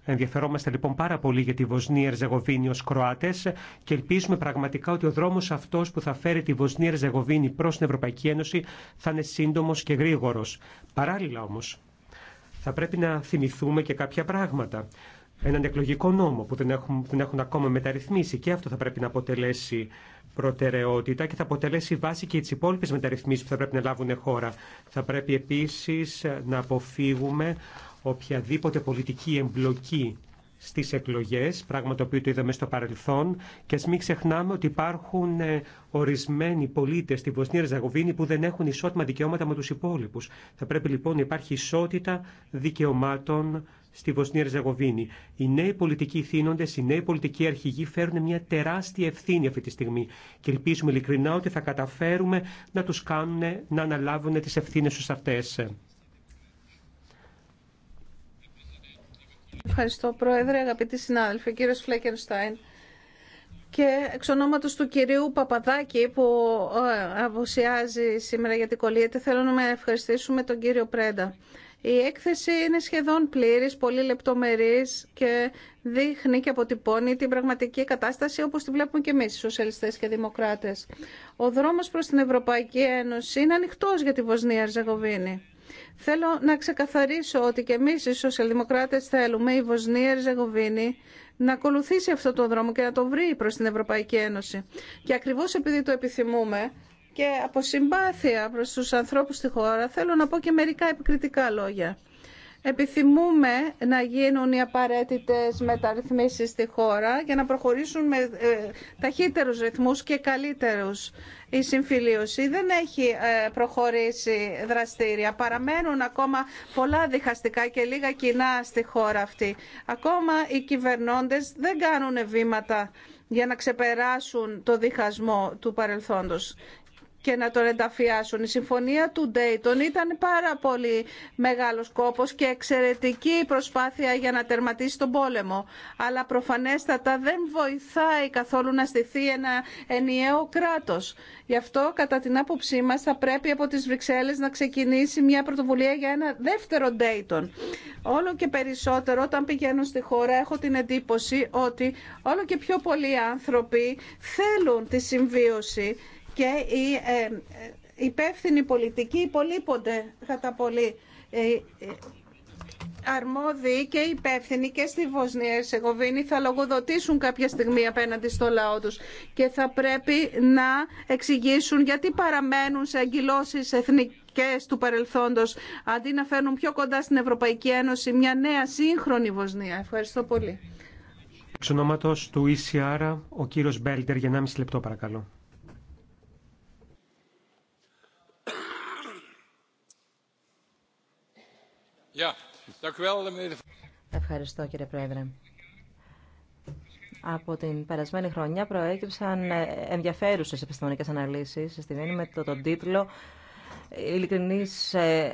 Ενδιαφερόμαστε λοιπόν πάρα πολύ για τη Βοσνία Ερζεγοβίνη ως Κροάτες και ελπίζουμε πραγματικά ότι ο δρόμος αυτός που θα φέρει τη Βοσνία Ερζεγοβίνη προς την Ευρωπαϊκή Ένωση θα είναι σύντομος και γρήγορος. Παράλληλα όμως θα πρέπει να θυμηθούμε και κάποια πράγματα. Έναν εκλογικό νόμο που δεν έχουν, δεν έχουν ακόμα μεταρρυθμίσει και αυτό θα πρέπει να αποτελέσει προτεραιότητα και θα αποτελέσει βάση και τι υπόλοιπε μεταρρυθμίσεις που θα πρέπει να λάβουν χώρα. Θα πρέπει επίσης να αποφύγουμε οποιαδήποτε πολιτική εμπλοκή στις εκλογές, πράγμα το οποίο το είδαμε στο παρελθόν και ας μην ξεχνάμε ότι υπάρχουν ε, ορισμένοι πολίτες στη Βοσνία Ριζαγοβίνη που δεν έχουν ισότιμα δικαιώματα με τους υπόλοιπους. Θα πρέπει λοιπόν να υπάρχει ισότητα δικαιωμάτων στη Βοσνία Ριζαγοβίνη. Οι νέοι πολιτικοί θύνοντε, οι νέοι πολιτικοί αρχηγοί φέρουν μια τεράστια ευθύνη αυτή τη στιγμή. Και ελπίζουμε ειλικρινά ότι θα καταφέρουμε να του κάνουν να αναλάβουν τι ευθύνε του αυτέ. Ευχαριστώ, Πρόεδρε, αγαπητοί συνάδελφοι, κύριο Φλέκενστάιν και εξ ονόματος του κυρίου Παπαδάκη που ε, αποσιάζει σήμερα για την κολλήτη, θέλω να με ευχαριστήσουμε τον κύριο Πρέντα. Η έκθεση είναι σχεδόν πλήρης, πολύ λεπτομερής και δείχνει και αποτυπώνει την πραγματική κατάσταση όπως τη βλέπουμε και εμείς οι σοσιαλιστές και δημοκράτες. Ο δρόμος προς την Ευρωπαϊκή Ένωση είναι ανοιχτός για τη Βοσνία Ερζεγοβίνη. Θέλω να ξεκαθαρίσω ότι και εμείς οι σοσιαλδημοκράτες θέλουμε η Βοσνία Ριζεγοβίνη να ακολουθήσει αυτό το δρόμο και να το βρει προς την Ευρωπαϊκή Ένωση. Και ακριβώς επειδή το επιθυμούμε και από συμπάθεια προς τους ανθρώπους στη χώρα θέλω να πω και μερικά επικριτικά λόγια. Επιθυμούμε να γίνουν οι απαραίτητες μεταρρυθμίσεις στη χώρα για να προχωρήσουν με ε, ταχύτερους ρυθμούς και καλύτερους. Η συμφιλίωση δεν έχει ε, προχωρήσει δραστήρια. Παραμένουν ακόμα πολλά διχαστικά και λίγα κοινά στη χώρα αυτή. Ακόμα οι κυβερνώντες δεν κάνουν βήματα για να ξεπεράσουν το διχασμό του παρελθόντος και να τον ενταφιάσουν. Η συμφωνία του Ντέιτον ήταν πάρα πολύ μεγάλος κόπος και εξαιρετική προσπάθεια για να τερματίσει τον πόλεμο. Αλλά προφανέστατα δεν βοηθάει καθόλου να στηθεί ένα ενιαίο κράτος. Γι' αυτό κατά την άποψή μας θα πρέπει από τις Βρυξέλλες να ξεκινήσει μια πρωτοβουλία για ένα δεύτερο Ντέιτον. Όλο και περισσότερο όταν πηγαίνω στη χώρα έχω την εντύπωση ότι όλο και πιο πολλοί άνθρωποι θέλουν τη συμβίωση και οι ε, ε, υπεύθυνοι πολιτικοί υπολείπονται κατά πολύ ε, αρμόδιοι και υπεύθυνοι και στη Βοσνία Ερσεγοβίνη θα λογοδοτήσουν κάποια στιγμή απέναντι στο λαό τους και θα πρέπει να εξηγήσουν γιατί παραμένουν σε αγκυλώσεις εθνικές του παρελθόντος αντί να φέρνουν πιο κοντά στην Ευρωπαϊκή Ένωση μια νέα σύγχρονη Βοσνία. Ευχαριστώ πολύ. Εξ του ECR, ο κύριος Μπέλτερ για 1,5 λεπτό παρακαλώ. Ευχαριστώ κύριε Πρόεδρε. Από την περασμένη χρονιά προέκυψαν ε, ενδιαφέρουσε επιστημονικές αναλύσεις στη Βέννη με το, τον τίτλο ε,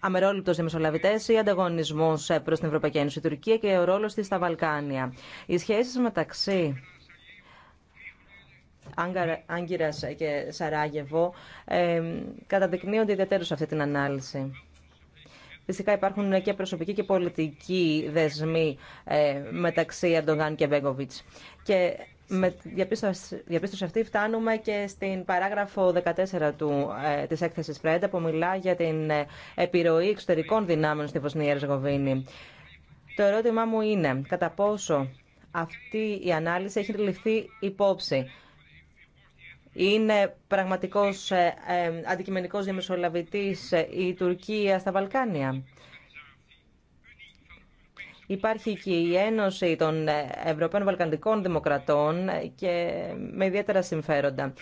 αμερόληπτο δημοσιολαβητέ ή ανταγωνισμό ε, προ την Ευρωπαϊκή Ένωση, Τουρκία και ο ρόλο τη στα Βαλκάνια. Οι σχέσει μεταξύ Άγκυρα και Σαράγεβο ε, καταδεικνύονται ιδιαίτερω σε αυτή την ανάλυση. Φυσικά υπάρχουν και προσωπικοί και πολιτικοί δεσμοί ε, μεταξύ Αντογάν και Μπέγκοβιτ. Και με διαπίστωση, διαπίστωση αυτή φτάνουμε και στην παράγραφο 14 του, ε, της έκθεσης Φρέντα που μιλά για την ε, επιρροή εξωτερικών δυνάμεων στη Βοσνία Ερζεγοβίνη. Το ερώτημά μου είναι κατά πόσο αυτή η ανάλυση έχει ληφθεί υπόψη είναι πραγματικός ε, ε, αντικειμενικός διαμεσολαβητή ε, η Τουρκία στα Βαλκάνια. Υπάρχει και η Ένωση των Ευρωπαίων Βαλκανικών Δημοκρατών και με ιδιαίτερα συμφέροντα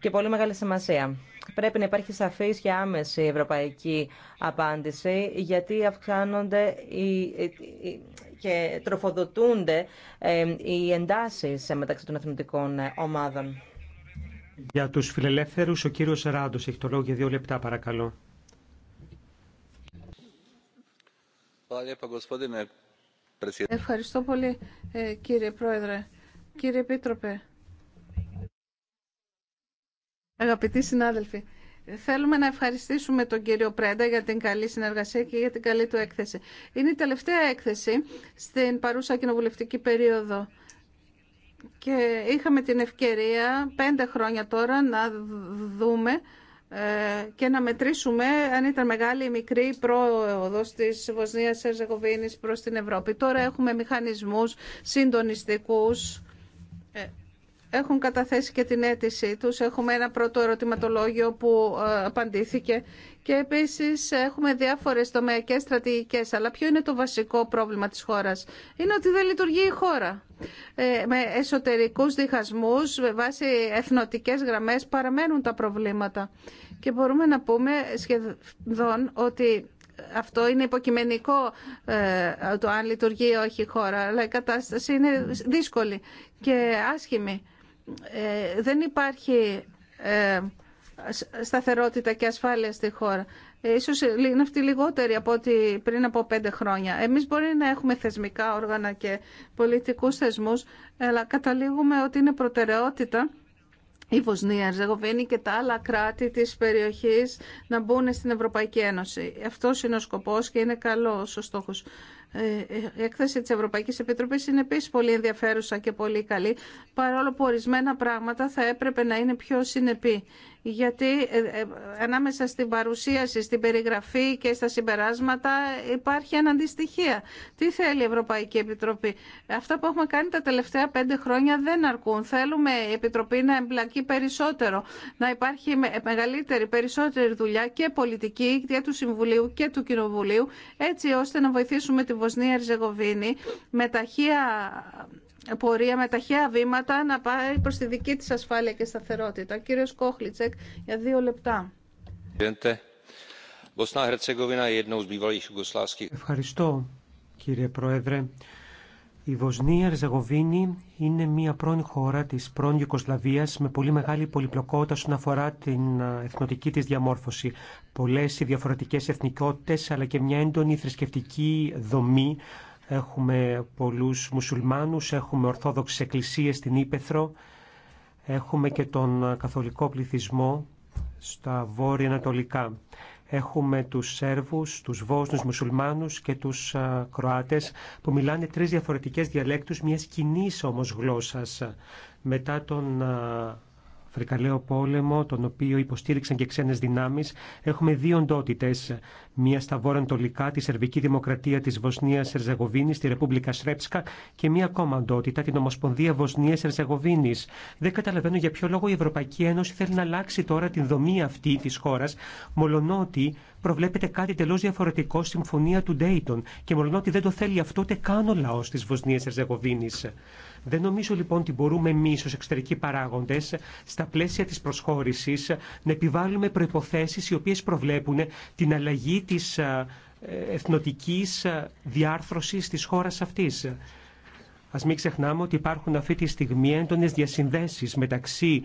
και πολύ μεγάλη σημασία. Πρέπει να υπάρχει σαφής και άμεση ευρωπαϊκή απάντηση γιατί αυξάνονται και τροφοδοτούνται οι εντάσεις μεταξύ των εθνικών ομάδων. Για τους φιλελεύθερους, ο κύριος Ράντος έχει το λόγο για δύο λεπτά, παρακαλώ. Ευχαριστώ πολύ, ε, κύριε Πρόεδρε. Κύριε Επίτροπε, αγαπητοί συνάδελφοι, Θέλουμε να ευχαριστήσουμε τον κύριο Πρέντα για την καλή συνεργασία και για την καλή του έκθεση. Είναι η τελευταία έκθεση στην παρούσα κοινοβουλευτική περίοδο και είχαμε την ευκαιρία πέντε χρόνια τώρα να δούμε ε, και να μετρήσουμε αν ήταν μεγάλη ή μικρή η μικρη η προοδο της Βοσνίας Ερζεγοβίνης προς την Ευρώπη. Τώρα έχουμε μηχανισμούς συντονιστικούς ε, έχουν καταθέσει και την αίτησή τους. Έχουμε ένα πρώτο ερωτηματολόγιο που ε, απαντήθηκε και επίσης έχουμε διάφορες τομεακές στρατηγικές. Αλλά ποιο είναι το βασικό πρόβλημα της χώρας. Είναι ότι δεν λειτουργεί η χώρα. Ε, με εσωτερικούς διχασμούς, με βάση εθνοτικές γραμμές παραμένουν τα προβλήματα. Και μπορούμε να πούμε σχεδόν ότι αυτό είναι υποκειμενικό ε, το αν λειτουργεί ή όχι η χώρα, αλλά η κατάσταση είναι δύσκολη και άσχημη. Ε, δεν υπάρχει ε, σταθερότητα και ασφάλεια στη χώρα. Ε, ίσως είναι αυτή λιγότερη από ότι πριν από πέντε χρόνια. Εμείς μπορεί να έχουμε θεσμικά όργανα και πολιτικούς θεσμούς, αλλά καταλήγουμε ότι είναι προτεραιότητα η Βοσνία, η Ζεγοβίνη και τα άλλα κράτη της περιοχής να μπουν στην Ευρωπαϊκή Ένωση. Αυτός είναι ο σκοπός και είναι καλός ο στόχος. Ε, ε, η έκθεση της Ευρωπαϊκής Επιτροπής είναι επίση πολύ ενδιαφέρουσα και πολύ καλή, παρόλο που ορισμένα πράγματα θα έπρεπε να είναι πιο συνεπή. Γιατί ε, ανάμεσα στην παρουσίαση, στην περιγραφή και στα συμπεράσματα υπάρχει αντιστοιχία. Τι θέλει η Ευρωπαϊκή Επιτροπή. Αυτά που έχουμε κάνει τα τελευταία πέντε χρόνια δεν αρκούν. Θέλουμε η Επιτροπή να εμπλακεί περισσότερο, να υπάρχει μεγαλύτερη, περισσότερη δουλειά και πολιτική για του Συμβουλίου και του Κοινοβουλίου, έτσι ώστε να βοηθήσουμε τη Βοσνία Ριζεγοβίνη με ταχεία πορεία, με ταχεία βήματα να πάει προς τη δική της ασφάλεια και σταθερότητα. Ο κύριος Κόχλιτσεκ για δύο λεπτά. Ευχαριστώ κύριε Πρόεδρε. Η Βοσνία ριζαγοβινη είναι μια πρώην χώρα της πρώην Ιουκοσλαβίας με πολύ μεγάλη πολυπλοκότητα όσον αφορά την εθνοτική της διαμόρφωση. Πολλές οι διαφορετικές εθνικότητες αλλά και μια έντονη θρησκευτική δομή. Έχουμε πολλούς μουσουλμάνους, έχουμε ορθόδοξες εκκλησίες στην Ήπεθρο, έχουμε και τον καθολικό πληθυσμό στα βόρεια ανατολικά. Έχουμε τους Σέρβους, τους Βόσνους, Μουσουλμάνους και τους Κροάτες που μιλάνε τρεις διαφορετικές διαλέκτους μιας κοινή όμως γλώσσας. Μετά τον Φρικαλαίο πόλεμο, τον οποίο υποστήριξαν και ξένες δυνάμεις, έχουμε δύο οντότητες μία στα βόρεια τη Σερβική Δημοκρατία τη Βοσνία Ερζεγοβίνη, τη Ρεπούμπλικα Σρέψκα και μία ακόμα αντότητα την Ομοσπονδία Βοσνία Ερζεγοβίνη. Δεν καταλαβαίνω για ποιο λόγο η Ευρωπαϊκή Ένωση θέλει να αλλάξει τώρα την δομή αυτή τη χώρα, μολονότι προβλέπεται κάτι τελώ διαφορετικό συμφωνία του Ντέιτον και μολονότι δεν το θέλει αυτό ούτε καν ο λαό τη Βοσνία Ερζεγοβίνη. Δεν νομίζω λοιπόν ότι μπορούμε εμεί ω εξωτερικοί παράγοντε στα πλαίσια τη προσχώρηση να επιβάλλουμε προποθέσει οι οποίε προβλέπουν την αλλαγή της ε, εθνοτικής ε, διάρθρωσης της χώρας αυτής. Ας μην ξεχνάμε ότι υπάρχουν αυτή τη στιγμή έντονες διασυνδέσεις μεταξύ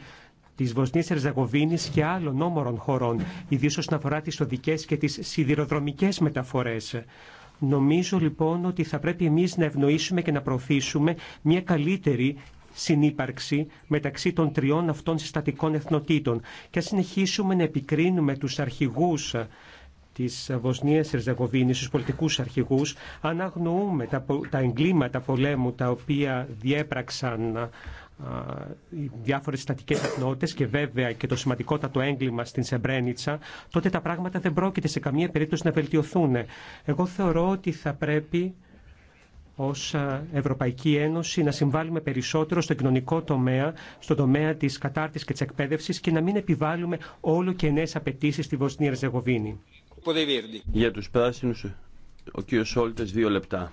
της Βοσνίας Ερζαγοβίνης και άλλων όμορων χωρών, ιδίως όσον αφορά τις οδικές και τις σιδηροδρομικές μεταφορές. Νομίζω λοιπόν ότι θα πρέπει εμείς να ευνοήσουμε και να προωθήσουμε μια καλύτερη συνύπαρξη μεταξύ των τριών αυτών συστατικών εθνοτήτων και συνεχίσουμε να επικρίνουμε τους αρχηγούς Τη Βοσνία Ερζεγοβίνη, του πολιτικού αρχηγού, αν αγνοούμε τα, τα εγκλήματα πολέμου τα οποία διέπραξαν οι διάφορες στατικές εθνότητες και βέβαια και το σημαντικότατο έγκλημα στην Σεμπρένιτσα, τότε τα πράγματα δεν πρόκειται σε καμία περίπτωση να βελτιωθούν. Εγώ θεωρώ ότι θα πρέπει ως Ευρωπαϊκή Ένωση να συμβάλλουμε περισσότερο στο κοινωνικό τομέα, στο τομέα της κατάρτισης και της εκπαίδευσης και να μην επιβάλλουμε όλο και νέες απαιτήσει στη Βοσνία Ερζεγοβίνη. Για τους πράσινους, ο κύριο Σόλτες, δύο λεπτά.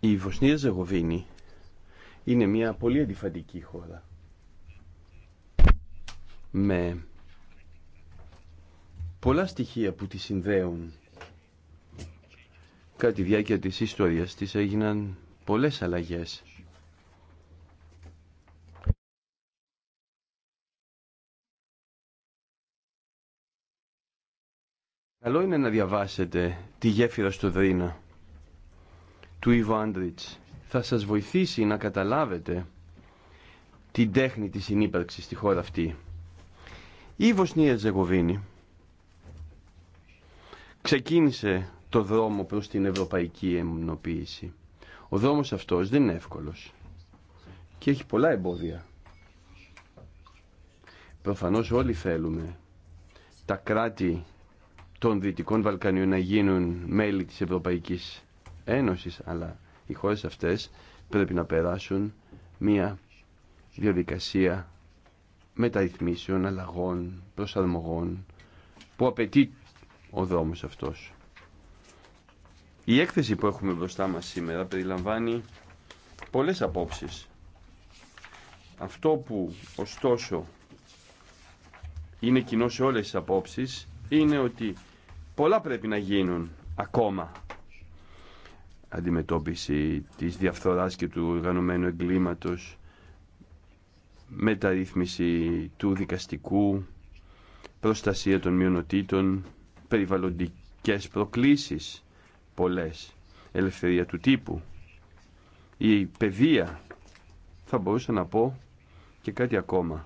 Η Βοσνία Ζεγοβίνη είναι μια πολύ αντιφαντική χώρα. Με πολλά στοιχεία που τη συνδέουν. Κατά τη διάρκεια της ιστορίας της έγιναν πολλές αλλαγές Καλό είναι να διαβάσετε τη γέφυρα στο Δρίνα του Ιβάντριτς. Θα σας βοηθήσει να καταλάβετε την τέχνη της συνύπαρξης στη χώρα αυτή. Η Βοσνία Ζεγοβίνη ξεκίνησε το δρόμο προς την ευρωπαϊκή εμνοποίηση. Ο δρόμος αυτός δεν είναι εύκολος και έχει πολλά εμπόδια. Προφανώς όλοι θέλουμε τα κράτη των Δυτικών Βαλκανίων να γίνουν μέλη της Ευρωπαϊκής Ένωσης, αλλά οι χώρες αυτές πρέπει να περάσουν μία διαδικασία μεταρρυθμίσεων, αλλαγών, προσαρμογών που απαιτεί ο δρόμος αυτός. Η έκθεση που έχουμε μπροστά μας σήμερα περιλαμβάνει πολλές απόψεις. Αυτό που ωστόσο είναι κοινό σε όλες τις απόψεις είναι ότι Πολλά πρέπει να γίνουν ακόμα. Αντιμετώπιση της διαφθοράς και του οργανωμένου εγκλήματος, μεταρρύθμιση του δικαστικού, προστασία των μειονοτήτων, περιβαλλοντικές προκλήσεις πολλές, ελευθερία του τύπου, η παιδεία, θα μπορούσα να πω και κάτι ακόμα.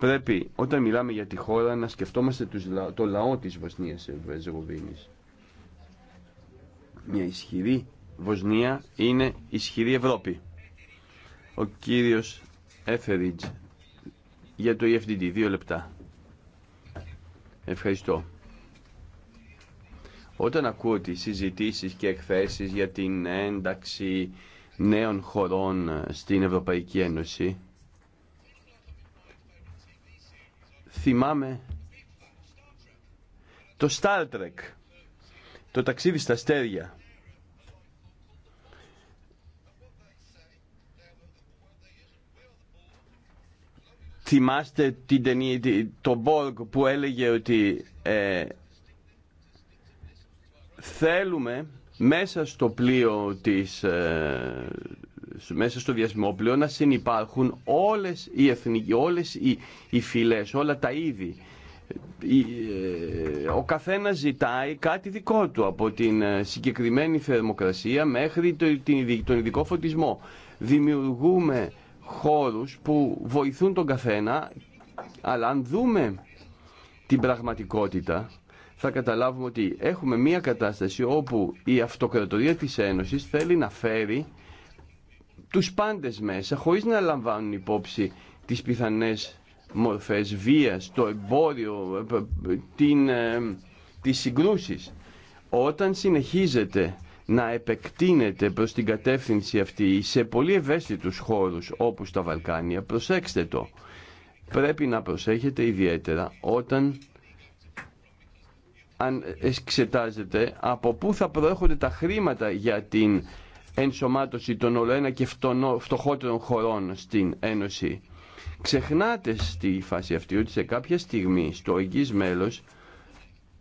Πρέπει όταν μιλάμε για τη χώρα να σκεφτόμαστε το λαό της Βοσνίας ε, Μια ισχυρή Βοσνία είναι ισχυρή Ευρώπη. Ο κύριος Έφεριτζ για το EFDD, δύο λεπτά. Ευχαριστώ. Όταν ακούω τις συζητήσεις και εκθέσεις για την ένταξη νέων χωρών ε, στην Ευρωπαϊκή Ένωση, θυμάμαι το Star Trek, το ταξίδι στα αστέρια. Θυμάστε την ταινία, το Μπόργκ που έλεγε ότι ε, θέλουμε μέσα στο πλοίο της, ε, μέσα στο διασμόπλαιο να συνυπάρχουν όλες οι, εθνικοί, όλες οι, οι φυλές, όλα τα είδη. Ε, ο καθένας ζητάει κάτι δικό του από την ε, συγκεκριμένη θερμοκρασία μέχρι τον ειδικό φωτισμό. Δημιουργούμε χώρους που βοηθούν τον καθένα, αλλά αν δούμε την πραγματικότητα θα καταλάβουμε ότι έχουμε μία κατάσταση όπου η αυτοκρατορία της Ένωσης θέλει να φέρει τους πάντες μέσα, χωρίς να λαμβάνουν υπόψη τις πιθανές μορφές βίας, το εμπόριο, την, ε, τις συγκρούσεις. Όταν συνεχίζεται να επεκτείνεται προς την κατεύθυνση αυτή σε πολύ ευαίσθητους χώρους όπως τα Βαλκάνια, προσέξτε το. Πρέπει να προσέχετε ιδιαίτερα όταν αν εξετάζετε από πού θα προέρχονται τα χρήματα για την ενσωμάτωση των ολοένα και φτωχότερων χωρών στην Ένωση. Ξεχνάτε στη φάση αυτή ότι σε κάποια στιγμή στο εγγύς μέλος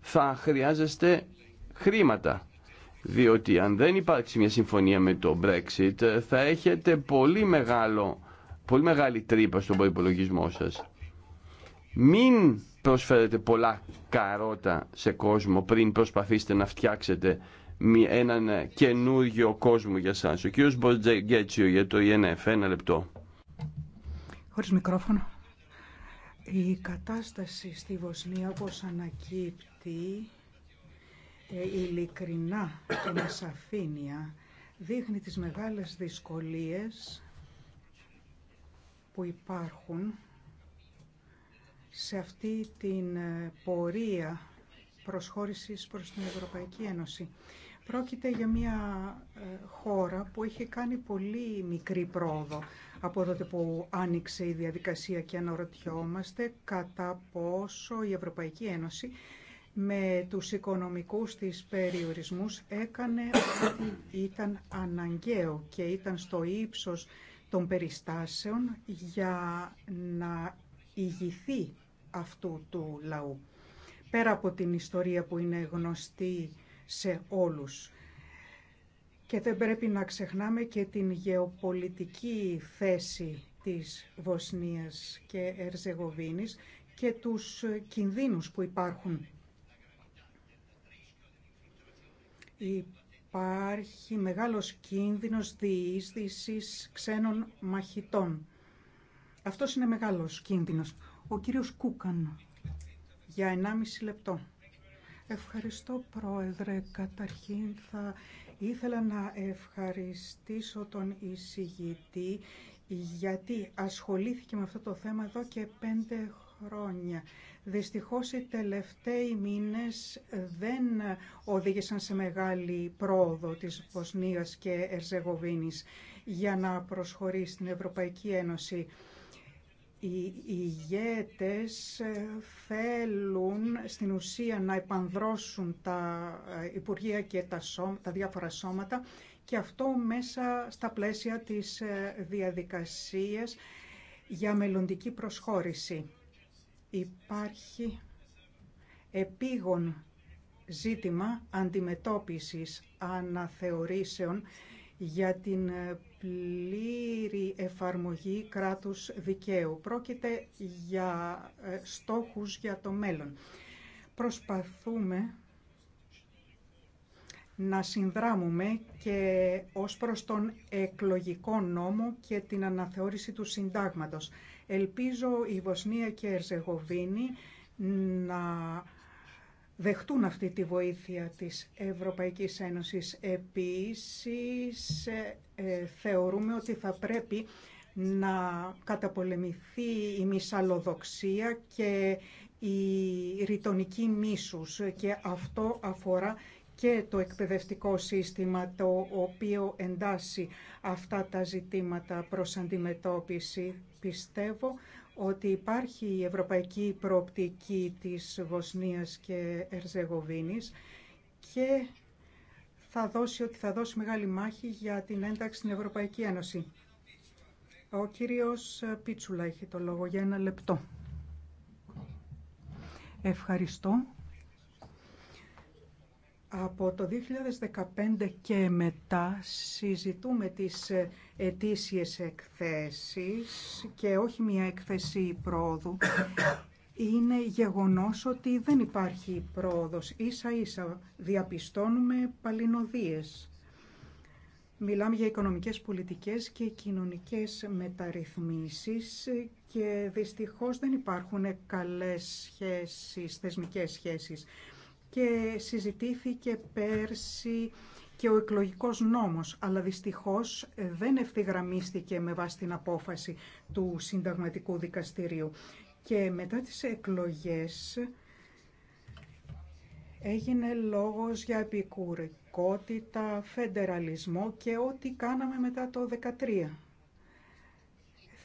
θα χρειάζεστε χρήματα. Διότι αν δεν υπάρξει μια συμφωνία με το Brexit θα έχετε πολύ, μεγάλο, πολύ μεγάλη τρύπα στον προϋπολογισμό σας. Μην προσφέρετε πολλά καρότα σε κόσμο πριν προσπαθήσετε να φτιάξετε έναν καινούργιο κόσμο για σας. Ο κύριος Μποτζεγκέτσιο για το ΙΕΝΕΦ. E Ένα λεπτό. Χωρίς μικρόφωνο. Η κατάσταση στη Βοσνία όπως ανακύπτει ε, ειλικρινά και με σαφήνεια δείχνει τις μεγάλες δυσκολίες που υπάρχουν σε αυτή την ε, πορεία προσχώρησης προς την Ευρωπαϊκή Ένωση. Πρόκειται για μια ε, χώρα που έχει κάνει πολύ μικρή πρόοδο από τότε που άνοιξε η διαδικασία και αναρωτιόμαστε κατά πόσο η Ευρωπαϊκή Ένωση με τους οικονομικούς της περιορισμούς έκανε ότι ήταν αναγκαίο και ήταν στο ύψος των περιστάσεων για να ηγηθεί αυτού του λαού. Πέρα από την ιστορία που είναι γνωστή σε όλους. Και δεν πρέπει να ξεχνάμε και την γεωπολιτική θέση της Βοσνίας και Ερζεγοβίνης και τους κινδύνους που υπάρχουν. Υπάρχει μεγάλος κίνδυνος διείσδησης ξένων μαχητών. Αυτός είναι μεγάλος κίνδυνος. Ο κύριος Κούκαν για 1,5 λεπτό. Ευχαριστώ Πρόεδρε. Καταρχήν θα ήθελα να ευχαριστήσω τον εισηγητή γιατί ασχολήθηκε με αυτό το θέμα εδώ και πέντε χρόνια. Δυστυχώς οι τελευταίοι μήνες δεν οδήγησαν σε μεγάλη πρόοδο της Βοσνίας και Ερζεγοβίνης για να προσχωρήσει στην Ευρωπαϊκή Ένωση οι ηγέτες ε, θέλουν στην ουσία να επανδρώσουν τα ε, Υπουργεία και τα, σώμα, διάφορα σώματα και αυτό μέσα στα πλαίσια της ε, διαδικασίας για μελλοντική προσχώρηση. Υπάρχει επίγον ζήτημα αντιμετώπισης αναθεωρήσεων για την ε, πλήρη εφαρμογή κράτους δικαίου. Πρόκειται για ε, στόχους για το μέλλον. Προσπαθούμε να συνδράμουμε και ως προς τον εκλογικό νόμο και την αναθεώρηση του συντάγματος. Ελπίζω η Βοσνία και η Ερζεγοβίνη να δεχτούν αυτή τη βοήθεια της Ευρωπαϊκής Ένωσης. Επίσης, ε, ε, θεωρούμε ότι θα πρέπει να καταπολεμηθεί η μισαλοδοξία και η ρητονική μίσους και αυτό αφορά και το εκπαιδευτικό σύστημα το οποίο εντάσσει αυτά τα ζητήματα προς αντιμετώπιση. Πιστεύω ότι υπάρχει η ευρωπαϊκή προοπτική της Βοσνίας και Ερζεγοβίνης και θα δώσει, ότι θα δώσει μεγάλη μάχη για την ένταξη στην Ευρωπαϊκή Ένωση. Ο κύριος Πίτσουλα έχει το λόγο για ένα λεπτό. Ευχαριστώ. Από το 2015 και μετά συζητούμε τις ε, ετήσιες εκθέσεις και όχι μια εκθέση πρόοδου. Είναι γεγονός ότι δεν υπάρχει πρόοδος. Ίσα ίσα διαπιστώνουμε παλινοδίες. Μιλάμε για οικονομικές πολιτικές και κοινωνικές μεταρρυθμίσεις και δυστυχώς δεν υπάρχουν καλές σχέσεις, θεσμικές σχέσεις και συζητήθηκε πέρσι και ο εκλογικός νόμος, αλλά δυστυχώς ε, δεν ευθυγραμμίστηκε με βάση την απόφαση του Συνταγματικού Δικαστηρίου. Και μετά τις εκλογές έγινε λόγος για επικουρικότητα, φεντεραλισμό και ό,τι κάναμε μετά το 2013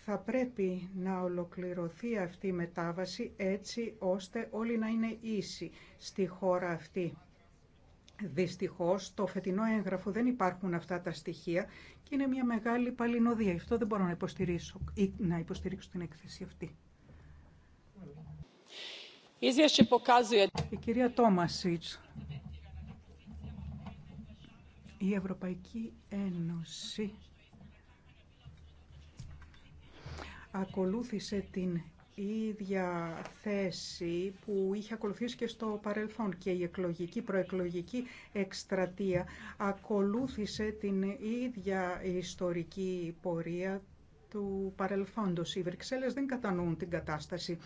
θα πρέπει να ολοκληρωθεί αυτή η μετάβαση έτσι ώστε όλοι να είναι ίσοι στη χώρα αυτή. Δυστυχώς, το φετινό έγγραφο δεν υπάρχουν αυτά τα στοιχεία και είναι μια μεγάλη παλινοδία. αυτό δεν μπορώ να υποστηρίξω, ή να υποστηρίξω την έκθεση αυτή. Η κυρία Τόμασιτς, η Ευρωπαϊκή Ένωση ακολούθησε την ίδια θέση που είχε ακολουθήσει και στο παρελθόν και η εκλογική προεκλογική εκστρατεία ακολούθησε την ίδια ιστορική πορεία του παρελθόντος. Οι Βρυξέλλες δεν κατανοούν την κατάσταση.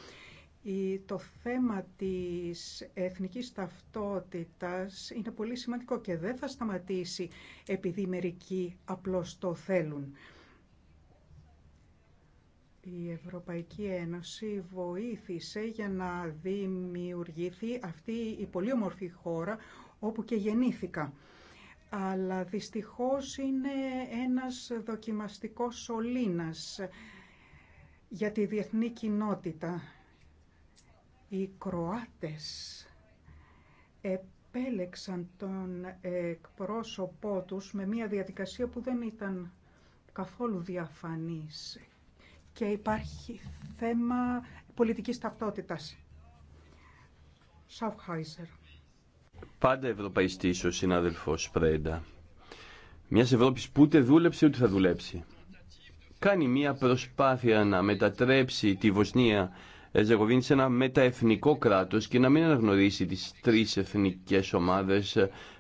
Το θέμα της εθνικής ταυτότητας είναι πολύ σημαντικό και δεν θα σταματήσει επειδή μερικοί απλώς το θέλουν. Η Ευρωπαϊκή Ένωση βοήθησε για να δημιουργηθεί αυτή η πολύ όμορφη χώρα όπου και γεννήθηκα. Αλλά δυστυχώς είναι ένας δοκιμαστικός σωλήνας για τη διεθνή κοινότητα. Οι Κροάτες επέλεξαν τον εκπρόσωπό τους με μια διαδικασία που δεν ήταν καθόλου διαφανής και υπάρχει θέμα πολιτικής ταυτότητας. Πάντα ευρωπαϊστής ο συνάδελφος Πρέντα. Μια Ευρώπη που ούτε δούλεψε ούτε θα δουλέψει. Κάνει μια προσπάθεια να μετατρέψει τη Βοσνία Ζεγοβίνη σε ένα μεταεθνικό κράτος και να μην αναγνωρίσει τις τρεις εθνικές ομάδες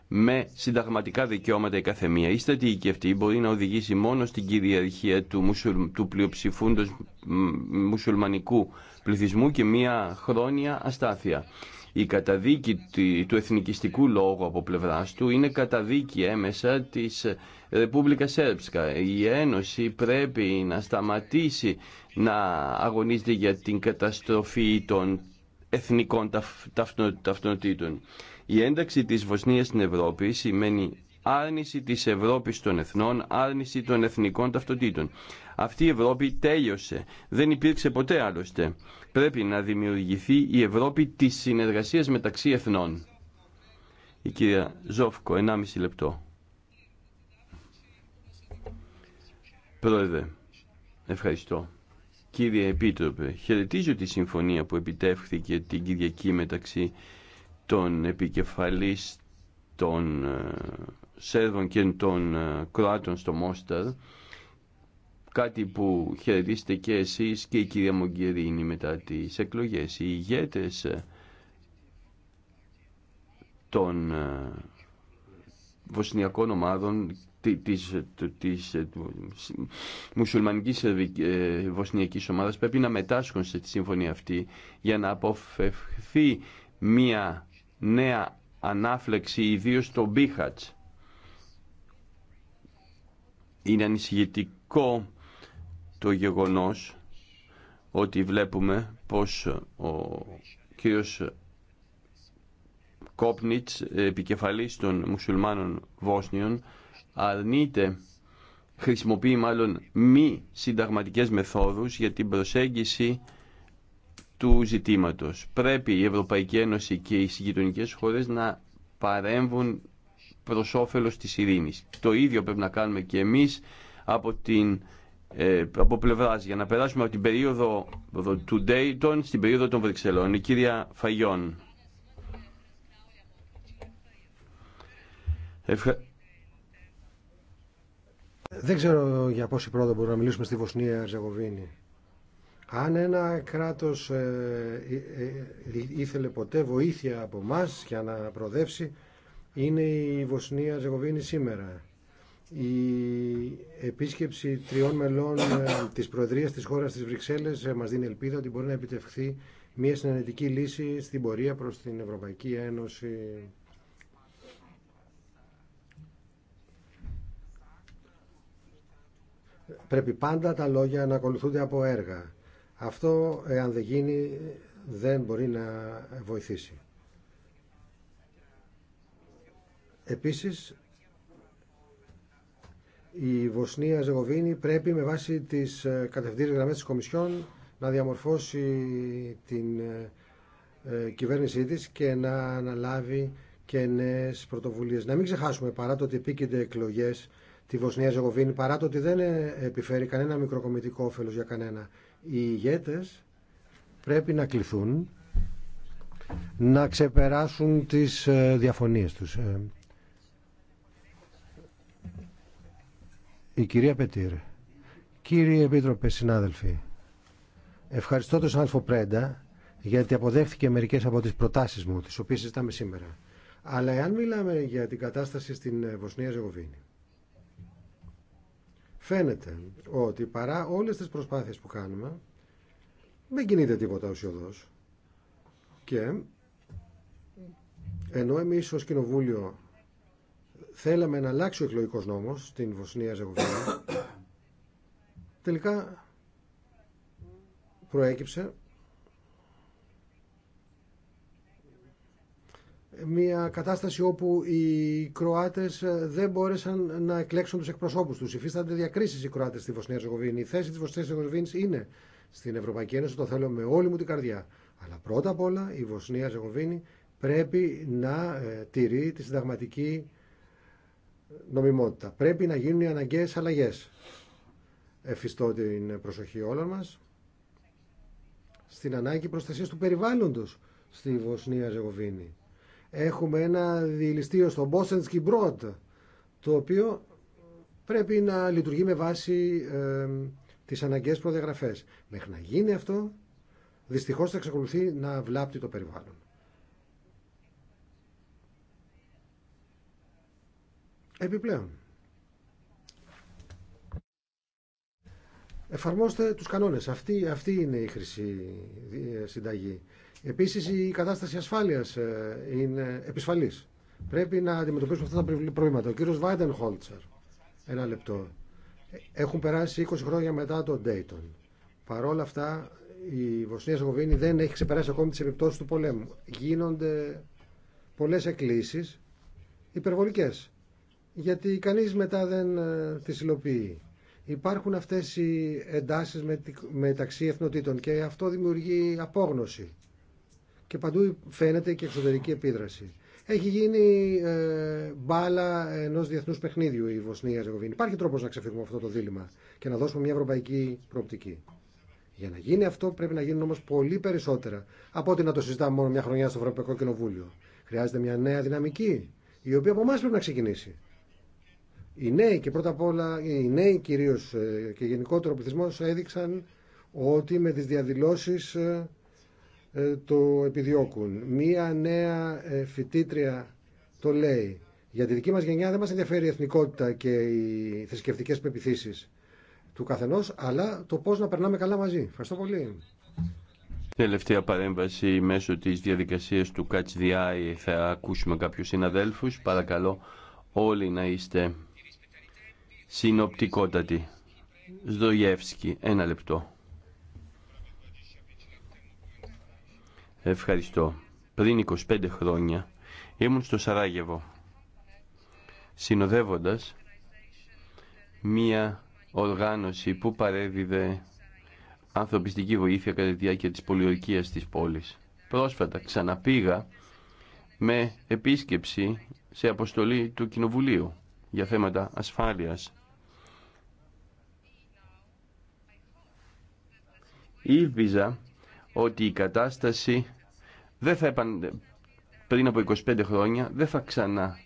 με συνταγματικά δικαιώματα η καθεμία. Η στρατηγική αυτή μπορεί να οδηγήσει μόνο στην κυριαρχία του, μουσουλ, του πλειοψηφούντος μουσουλμανικού πληθυσμού και μια χρόνια αστάθεια. Η καταδίκη του εθνικιστικού λόγου από πλευρά του είναι καταδίκη έμεσα της Ρεπούμπλικα Σέρψκα. Η Ένωση πρέπει να σταματήσει να αγωνίζεται για την καταστροφή των εθνικών ταυτονοτήτων. Η ένταξη της Βοσνίας στην Ευρώπη σημαίνει άρνηση της Ευρώπης των εθνών, άρνηση των εθνικών ταυτοτήτων. Αυτή η Ευρώπη τέλειωσε. Δεν υπήρξε ποτέ άλλωστε. Πρέπει να δημιουργηθεί η Ευρώπη της συνεργασίας μεταξύ εθνών. Η κυρία Ζόφκο, 1,5 λεπτό. Πρόεδρε, ευχαριστώ. Κύριε Επίτροπε, χαιρετίζω τη συμφωνία που επιτεύχθηκε την Κυριακή μεταξύ των επικεφαλής των ε, Σέρβων και των ε, Κροάτων στο Μόσταρ κάτι που χαιρετίστε και εσείς και η κυρία Μογκερίνη μετά τις εκλογές. Οι ηγέτες ε, των βοσνιακών ομάδων της, της μουσουλμανικής βοσνιακής ομάδας πρέπει να μετάσχουν τη σύμφωνη αυτή για να αποφευχθεί μια νέα ανάφλεξη ιδίως στο Μπίχατς. Είναι ανησυχητικό το γεγονός ότι βλέπουμε πως ο κύριος Κόπνιτς, επικεφαλής των μουσουλμάνων Βόσνιων, αρνείται, χρησιμοποιεί μάλλον μη συνταγματικές μεθόδους για την προσέγγιση του ζητήματος. Πρέπει η Ευρωπαϊκή Ένωση και οι συγκειτονικές χώρες να παρέμβουν προς όφελος της ειρήνης. Το ίδιο πρέπει να κάνουμε και εμείς από την ε, από πλευράς για να περάσουμε από την περίοδο του Dayton στην περίοδο των Βρυξελών. Η κυρία Φαγιόν. Δεν ξέρω για πόση πρόοδο μπορούμε να μιλήσουμε στη Βοσνία Ερζεγοβίνη. Αν ένα κράτος ε, ε, ε, ήθελε ποτέ βοήθεια από μας για να προοδεύσει, είναι η Βοσνία Ζεγοβίνη σήμερα. Η επίσκεψη τριών μελών της Προεδρίας της χώρας της Βρυξέλλες μας δίνει ελπίδα ότι μπορεί να επιτευχθεί μια συνενετική λύση στην πορεία προς την Ευρωπαϊκή Ένωση. Πρέπει πάντα τα λόγια να ακολουθούνται από έργα. Αυτό, εάν δεν γίνει, δεν μπορεί να βοηθήσει. Επίσης, η Βοσνία Ζεγοβίνη πρέπει με βάση τις ε, κατευθύνσεις γραμμές της Κομισιόν να διαμορφώσει την ε, ε, κυβέρνησή της και να αναλάβει και νέες πρωτοβουλίες. Να μην ξεχάσουμε παρά το ότι επίκενται εκλογές τη Βοσνία Ζεγοβίνη, παρά το ότι δεν επιφέρει κανένα μικροκομιτικό όφελος για κανένα οι ηγέτες πρέπει να κληθούν να ξεπεράσουν τις ε, διαφωνίες τους. Ε, η κυρία Πετήρ, κύριοι επίτροπε συνάδελφοι, ευχαριστώ τον συνάδελφο Πρέντα γιατί αποδέχθηκε μερικές από τις προτάσεις μου, τις οποίες συζητάμε σήμερα. Αλλά εάν μιλάμε για την κατάσταση στην ε, Βοσνία Ζεγοβίνη, φαίνεται ότι παρά όλες τις προσπάθειες που κάνουμε δεν κινείται τίποτα ουσιοδός και ενώ εμείς ως κοινοβούλιο θέλαμε να αλλάξει ο εκλογικός νόμος στην Βοσνία τελικά προέκυψε μια κατάσταση όπου οι Κροάτες ε, δεν μπόρεσαν να εκλέξουν τους εκπροσώπους τους. Υφίστανται διακρίσεις οι Κροάτες στη Βοσνία Ζεγοβίνη. Η θέση της Βοσνίας Ζεγοβίνης είναι στην Ευρωπαϊκή Ένωση, το θέλω με όλη μου την καρδιά. Αλλά πρώτα απ' όλα η Βοσνία Ζεγοβίνη πρέπει να ε, τηρεί τη συνταγματική νομιμότητα. Πρέπει να γίνουν οι αναγκαίες αλλαγές. Εφιστώ την προσοχή όλων μας στην ανάγκη προστασίας του περιβάλλοντος στη Βοσνία Ζεγοβίνη Έχουμε ένα διελιστήριο στο Μπόσενσκι Μπρότ, το οποίο πρέπει να λειτουργεί με βάση ε, τις αναγκαίες προδιαγραφές. Μέχρι να γίνει αυτό, δυστυχώς θα εξακολουθεί να βλάπτει το περιβάλλον. Επιπλέον, εφαρμόστε τους κανόνες. Αυτή, αυτή είναι η χρυσή ε, συνταγή. Επίσης η κατάσταση ασφάλειας ε, είναι επισφαλής. Πρέπει να αντιμετωπίσουμε αυτά τα προβλήματα. Ο κύριος Βάιντεν Χόλτσερ, ένα λεπτό. Έχουν περάσει 20 χρόνια μετά το Ντέιτον. Παρόλα αυτά η Βοσνία Σεγοβίνη δεν έχει ξεπεράσει ακόμη τις επιπτώσεις του πολέμου. Γίνονται πολλές εκκλήσεις υπερβολικές. Γιατί κανείς μετά δεν ε, τις υλοποιεί. Υπάρχουν αυτές οι εντάσεις μεταξύ εθνοτήτων και αυτό δημιουργεί απόγνωση και παντού φαίνεται και εξωτερική επίδραση. Έχει γίνει ε, μπάλα ενό διεθνού παιχνίδιου η Βοσνία Ζεγοβίνη. Υπάρχει τρόπο να ξεφύγουμε αυτό το δίλημα και να δώσουμε μια ευρωπαϊκή προοπτική. Για να γίνει αυτό πρέπει να γίνουν όμω πολύ περισσότερα από ότι να το συζητάμε μόνο μια χρονιά στο Ευρωπαϊκό Κοινοβούλιο. Χρειάζεται μια νέα δυναμική, η οποία από εμά πρέπει να ξεκινήσει. Οι νέοι και πρώτα απ' όλα, οι νέοι κυρίω ε, και γενικότερο πληθυσμό έδειξαν ότι με τι διαδηλώσει ε, ε, το επιδιώκουν. Μία νέα ε, φοιτήτρια το λέει. Για τη δική μας γενιά δεν μας ενδιαφέρει η εθνικότητα και οι θρησκευτικέ πεπιθήσεις του καθενός, αλλά το πώς να περνάμε καλά μαζί. Ευχαριστώ πολύ. Τελευταία παρέμβαση μέσω της διαδικασίας του Catch the Eye θα ακούσουμε κάποιους συναδέλφους. Παρακαλώ όλοι να είστε συνοπτικότατοι. Σδογεύσκη, ένα λεπτό. Ευχαριστώ. Πριν 25 χρόνια ήμουν στο Σαράγεβο συνοδεύοντας μία οργάνωση που παρέδιδε ανθρωπιστική βοήθεια κατά τη διάρκεια της πολιορκίας της πόλης. Πρόσφατα ξαναπήγα με επίσκεψη σε αποστολή του Κοινοβουλίου για θέματα ασφάλειας. Ήλπιζα ότι η κατάσταση δεν θα επαν... πριν από 25 χρόνια δεν θα ξανά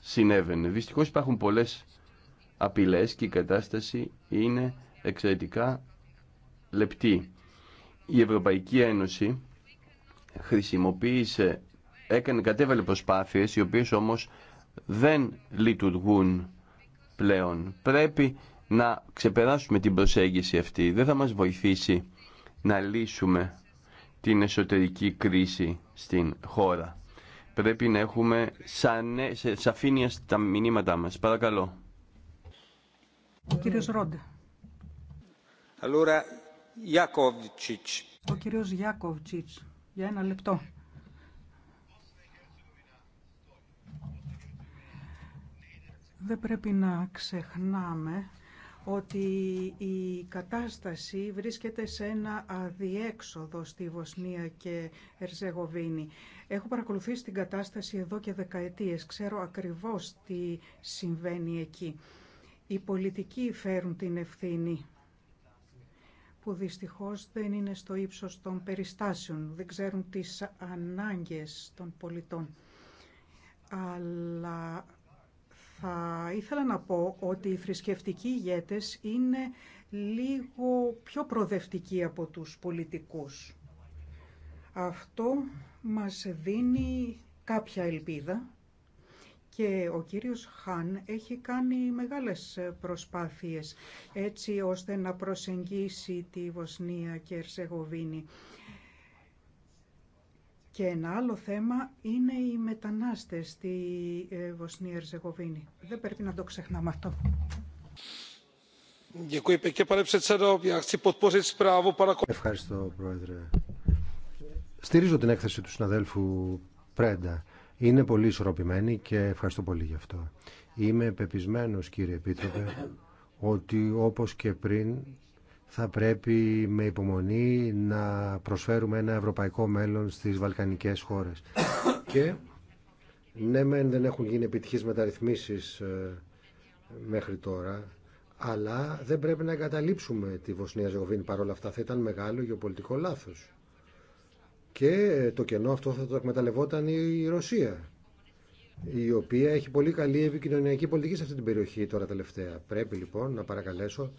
συνέβαινε. Δυστυχώς υπάρχουν πολλές απειλές και η κατάσταση είναι εξαιρετικά λεπτή. Η Ευρωπαϊκή Ένωση χρησιμοποίησε, έκανε, κατέβαλε προσπάθειες οι οποίες όμως δεν λειτουργούν πλέον. Πρέπει να ξεπεράσουμε την προσέγγιση αυτή. Δεν θα μας βοηθήσει να λύσουμε την εσωτερική κρίση στην χώρα. Πρέπει να έχουμε σαφήνεια στα μηνύματά μας. Παρακαλώ. Ο κύριος Ρόντε. Ο κύριος Γιάκοβτσιτς. Για ένα λεπτό. Δεν πρέπει να ξεχνάμε ότι η κατάσταση βρίσκεται σε ένα αδιέξοδο στη Βοσνία και Ερζεγοβίνη. Έχω παρακολουθήσει την κατάσταση εδώ και δεκαετίες. Ξέρω ακριβώς τι συμβαίνει εκεί. Οι πολιτικοί φέρουν την ευθύνη που δυστυχώς δεν είναι στο ύψος των περιστάσεων, δεν ξέρουν τις ανάγκες των πολιτών. Αλλά θα ήθελα να πω ότι οι θρησκευτικοί ηγέτες είναι λίγο πιο προοδευτικοί από τους πολιτικούς. Αυτό μας δίνει κάποια ελπίδα και ο κύριος Χαν έχει κάνει μεγάλες προσπάθειες έτσι ώστε να προσεγγίσει τη Βοσνία και Ερσεγοβίνη και ένα άλλο θέμα είναι οι μετανάστες στη ε, Βοσνία Ερζεγοβίνη. Δεν πρέπει να το ξεχνάμε αυτό. Ευχαριστώ, Πρόεδρε. Στηρίζω την έκθεση του συναδέλφου Πρέντα. Είναι πολύ ισορροπημένη και ευχαριστώ πολύ γι' αυτό. Είμαι πεπισμένος, κύριε Επίτροπε, ότι όπως και πριν θα πρέπει με υπομονή να προσφέρουμε ένα ευρωπαϊκό μέλλον στις βαλκανικές χώρες. Και ναι μεν δεν έχουν γίνει επιτυχείς μεταρρυθμίσεις ε, μέχρι τώρα, αλλά δεν πρέπει να εγκαταλείψουμε τη Βοσνία Ζεγοβίνη παρόλα αυτά. Θα ήταν μεγάλο γεωπολιτικό λάθος. Και ε, το κενό αυτό θα το εκμεταλλευόταν η Ρωσία η οποία έχει πολύ καλή επικοινωνιακή πολιτική σε αυτή την περιοχή τώρα τελευταία. Πρέπει λοιπόν να παρακαλέσω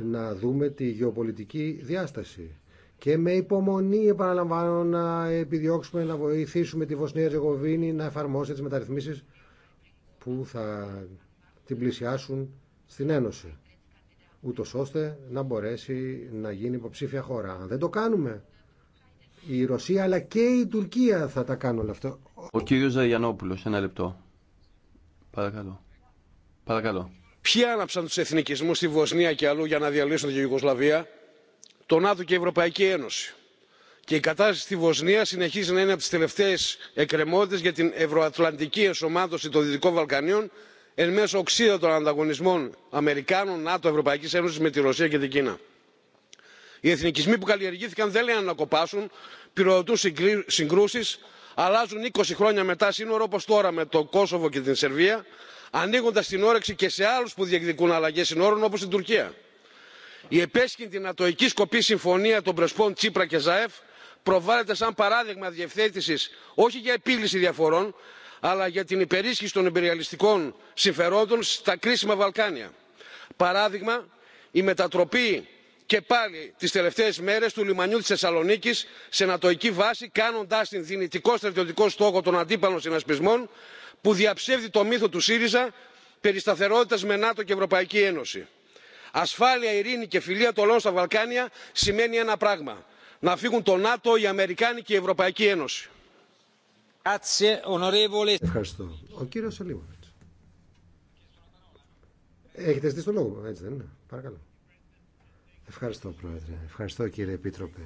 να δούμε τη γεωπολιτική διάσταση. Και με υπομονή, επαναλαμβάνω, να επιδιώξουμε να βοηθήσουμε τη Βοσνία Ζεγοβίνη να εφαρμόσει τις μεταρρυθμίσεις που θα την πλησιάσουν στην Ένωση. Ούτω ώστε να μπορέσει να γίνει υποψήφια χώρα. Αν δεν το κάνουμε, η Ρωσία αλλά και η Τουρκία θα τα κάνουν όλα αυτά. Ο κύριος Ζαγιανόπουλο, ένα λεπτό. Παρακαλώ. Παρακαλώ. Ποιοι άναψαν τους εθνικισμούς στη Βοσνία και αλλού για να διαλύσουν τη Γιουγκοσλαβία, το ΝΑΤΟ και η Ευρωπαϊκή Ένωση. Και η κατάσταση στη Βοσνία συνεχίζει να είναι από τις τελευταίες εκκρεμότητες για την ευρωατλαντική ενσωμάτωση των Δυτικών Βαλκανίων εν μέσω των ανταγωνισμών Αμερικάνων, ΝΑΤΟ, Ευρωπαϊκής Ένωσης με τη Ρωσία και την Κίνα. Οι εθνικισμοί που καλλιεργήθηκαν δεν λένε να κοπάσουν, πυροδοτούν συγκρούσεις, αλλάζουν 20 χρόνια μετά σύνορο όπω τώρα με το Κόσοβο και την Σερβία ανοίγοντα την όρεξη και σε άλλου που διεκδικούν αλλαγέ συνόρων όπω την τουρκία. η επέσχυντη νατοϊκή σκοπή συμφωνία των πρεσπών τσίπρα και ζαεφ προβάλλεται σαν παράδειγμα διευθέτησης όχι για επίλυση διαφορών αλλά για την υπερίσχυση των εμπεριαλιστικών συμφερόντων στα κρίσιμα βαλκάνια. παράδειγμα η μετατροπή και πάλι τις τελευταίες μέρες του λιμανιού της θεσσαλονίκης σε νατοϊκή βάση κάνοντα την δυνητικό στρατιωτικό στόχο των αντίπαλων συνασπισμών που διαψεύδει το μύθο του σύριζα περί σταθερότητας με νατο και ευρωπαϊκή ένωση. ασφάλεια ειρήνη και φιλία των λαών στα βαλκάνια σημαίνει ένα πράγμα να φύγουν το νατο οι αμερικάνοι και η ευρωπαϊκή ένωση. Ευχαριστώ. Ο κύριος Σελίμοβιτς. Έχετε ζητήσει το λόγο, έτσι δεν είναι. Παρακαλώ. Ευχαριστώ, Πρόεδρε. Ευχαριστώ, κύριε Επίτροπε.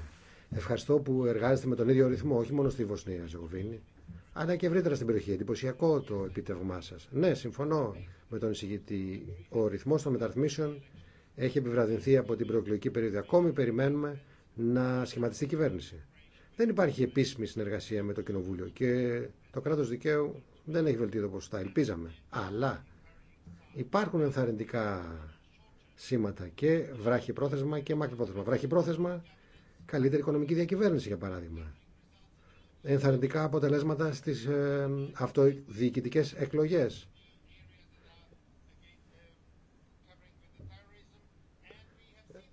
Ευχαριστώ που εργάζεστε με τον ίδιο ρυθμό, όχι μόνο στη Βοσνία Ζεγοβίνη, αλλά και ευρύτερα στην περιοχή. Εντυπωσιακό το επίτευγμά σα. Ναι, συμφωνώ με τον εισηγητή. Ο ρυθμό των μεταρρυθμίσεων έχει επιβραδυνθεί από την προεκλογική περίοδο. Ακόμη περιμένουμε να σχηματιστεί κυβέρνηση. Δεν υπάρχει επίσημη συνεργασία με το Κοινοβούλιο και το κράτο δικαίου δεν έχει βελτιωθεί όπω τα ελπίζαμε. Αλλά υπάρχουν ενθαρρυντικά σήματα και βράχη πρόθεσμα και μακροπρόθεσμα. Βράχη πρόθεσμα, καλύτερη οικονομική διακυβέρνηση για παράδειγμα ενθαρρυντικά αποτελέσματα στις ε, αυτοδιοικητικές εκλογές.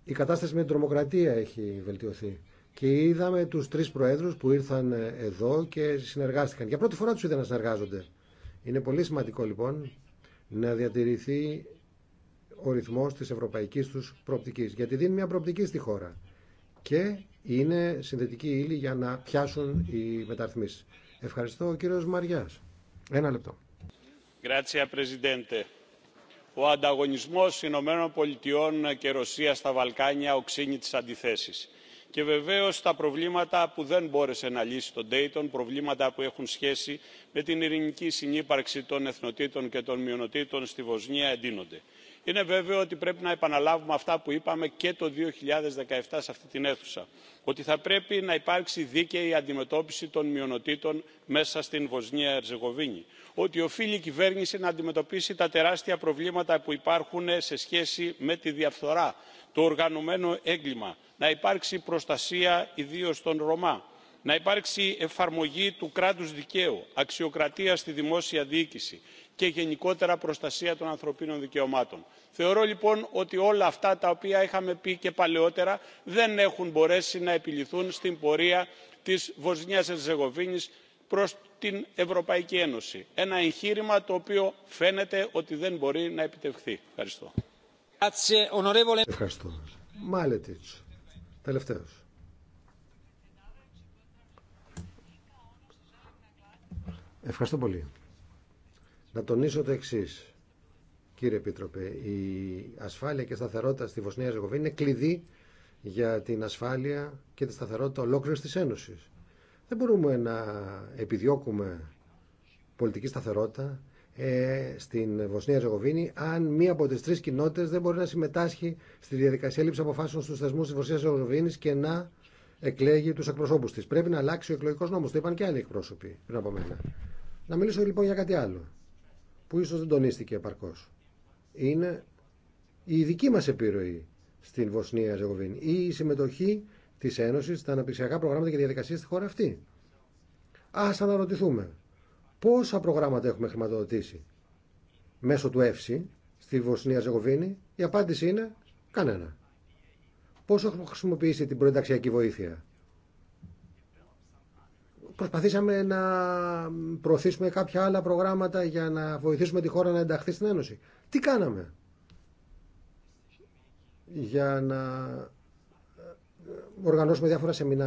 Η κατάσταση με την τρομοκρατία έχει βελτιωθεί. Και είδαμε τους τρεις προέδρους που ήρθαν εδώ και συνεργάστηκαν. Για πρώτη φορά τους είδα να συνεργάζονται. Είναι πολύ σημαντικό λοιπόν να διατηρηθεί ο ρυθμός της ευρωπαϊκής τους προοπτικής. Γιατί δίνει μια προοπτική στη χώρα. Και είναι συνδετική ύλη για να πιάσουν οι μεταρρυθμίσεις. Ευχαριστώ ο κύριος Μαριάς. Ένα λεπτό. Presidente. Ο ανταγωνισμό Ηνωμένων Πολιτειών και Ρωσία στα Βαλκάνια οξύνει τι αντιθέσει. Και βεβαίω τα προβλήματα που δεν μπόρεσε να λύσει τον Ντέιτον, προβλήματα που έχουν σχέση με την ειρηνική συνύπαρξη των εθνοτήτων και των μειονοτήτων στη Βοσνία εντείνονται είναι βέβαιο ότι πρέπει να επαναλάβουμε αυτά που είπαμε και το 2017 σε αυτή την αίθουσα ότι θα πρέπει να υπάρξει δίκαιη αντιμετώπιση των μειονοτήτων μέσα στην βοσνία ερζεγοβίνη ότι οφείλει η κυβέρνηση να αντιμετωπίσει τα τεράστια προβλήματα που υπάρχουν σε σχέση με τη διαφθορά το οργανωμένο έγκλημα να υπάρξει προστασία ιδίως των ρωμά να υπάρξει εφαρμογή του κράτους δικαίου αξιοκρατία στη δημόσια διοίκηση και γενικότερα προστασία των ανθρωπίνων δικαιωμάτων. θεωρώ λοιπόν ότι όλα αυτά τα οποία είχαμε πει και παλαιότερα δεν έχουν μπορέσει να επιληθούν στην πορεία της βοσνίας ερζεγοβίνης προς την ευρωπαϊκή ένωση ένα εγχείρημα το οποίο φαίνεται ότι δεν μπορεί να επιτευχθεί. ευχαριστώ. Να τονίσω το εξή. Κύριε Επίτροπε, η ασφάλεια και η σταθερότητα στη Βοσνία Ζεγοβίνη είναι κλειδί για την ασφάλεια και τη σταθερότητα ολόκληρη τη Ένωση. Δεν μπορούμε να επιδιώκουμε πολιτική σταθερότητα ε, στην Βοσνία Ζεγοβίνη, αν μία από τι τρει κοινότητε δεν μπορεί να συμμετάσχει στη διαδικασία λήψη αποφάσεων στου θεσμού τη Βοσνία Ζεγοβίνη και να εκλέγει του εκπροσώπου τη. Πρέπει να αλλάξει ο εκλογικό νόμο. Το είπαν και άλλοι εκπρόσωποι πριν από μένα. Να μιλήσω λοιπόν για κάτι άλλο που ίσως δεν τονίστηκε επαρκώς. Είναι η δική μας επιρροή στην Βοσνία Ζεγοβίνη ή η συμμετοχή της Ένωσης στα αναπτυξιακά προγράμματα και διαδικασίες στη χώρα αυτή. Ας αναρωτηθούμε πόσα προγράμματα έχουμε χρηματοδοτήσει μέσω του ΕΦΣΥ στη Βοσνία Ζεγοβίνη. Η απάντηση είναι κανένα. Πόσο έχουμε χρησιμοποιήσει την προενταξιακή βοήθεια. Προσπαθήσαμε να προωθήσουμε κάποια άλλα προγράμματα για να βοηθήσουμε τη χώρα να ενταχθεί στην Ένωση. Τι κάναμε για να ε, οργανώσουμε διάφορα σεμινάρια.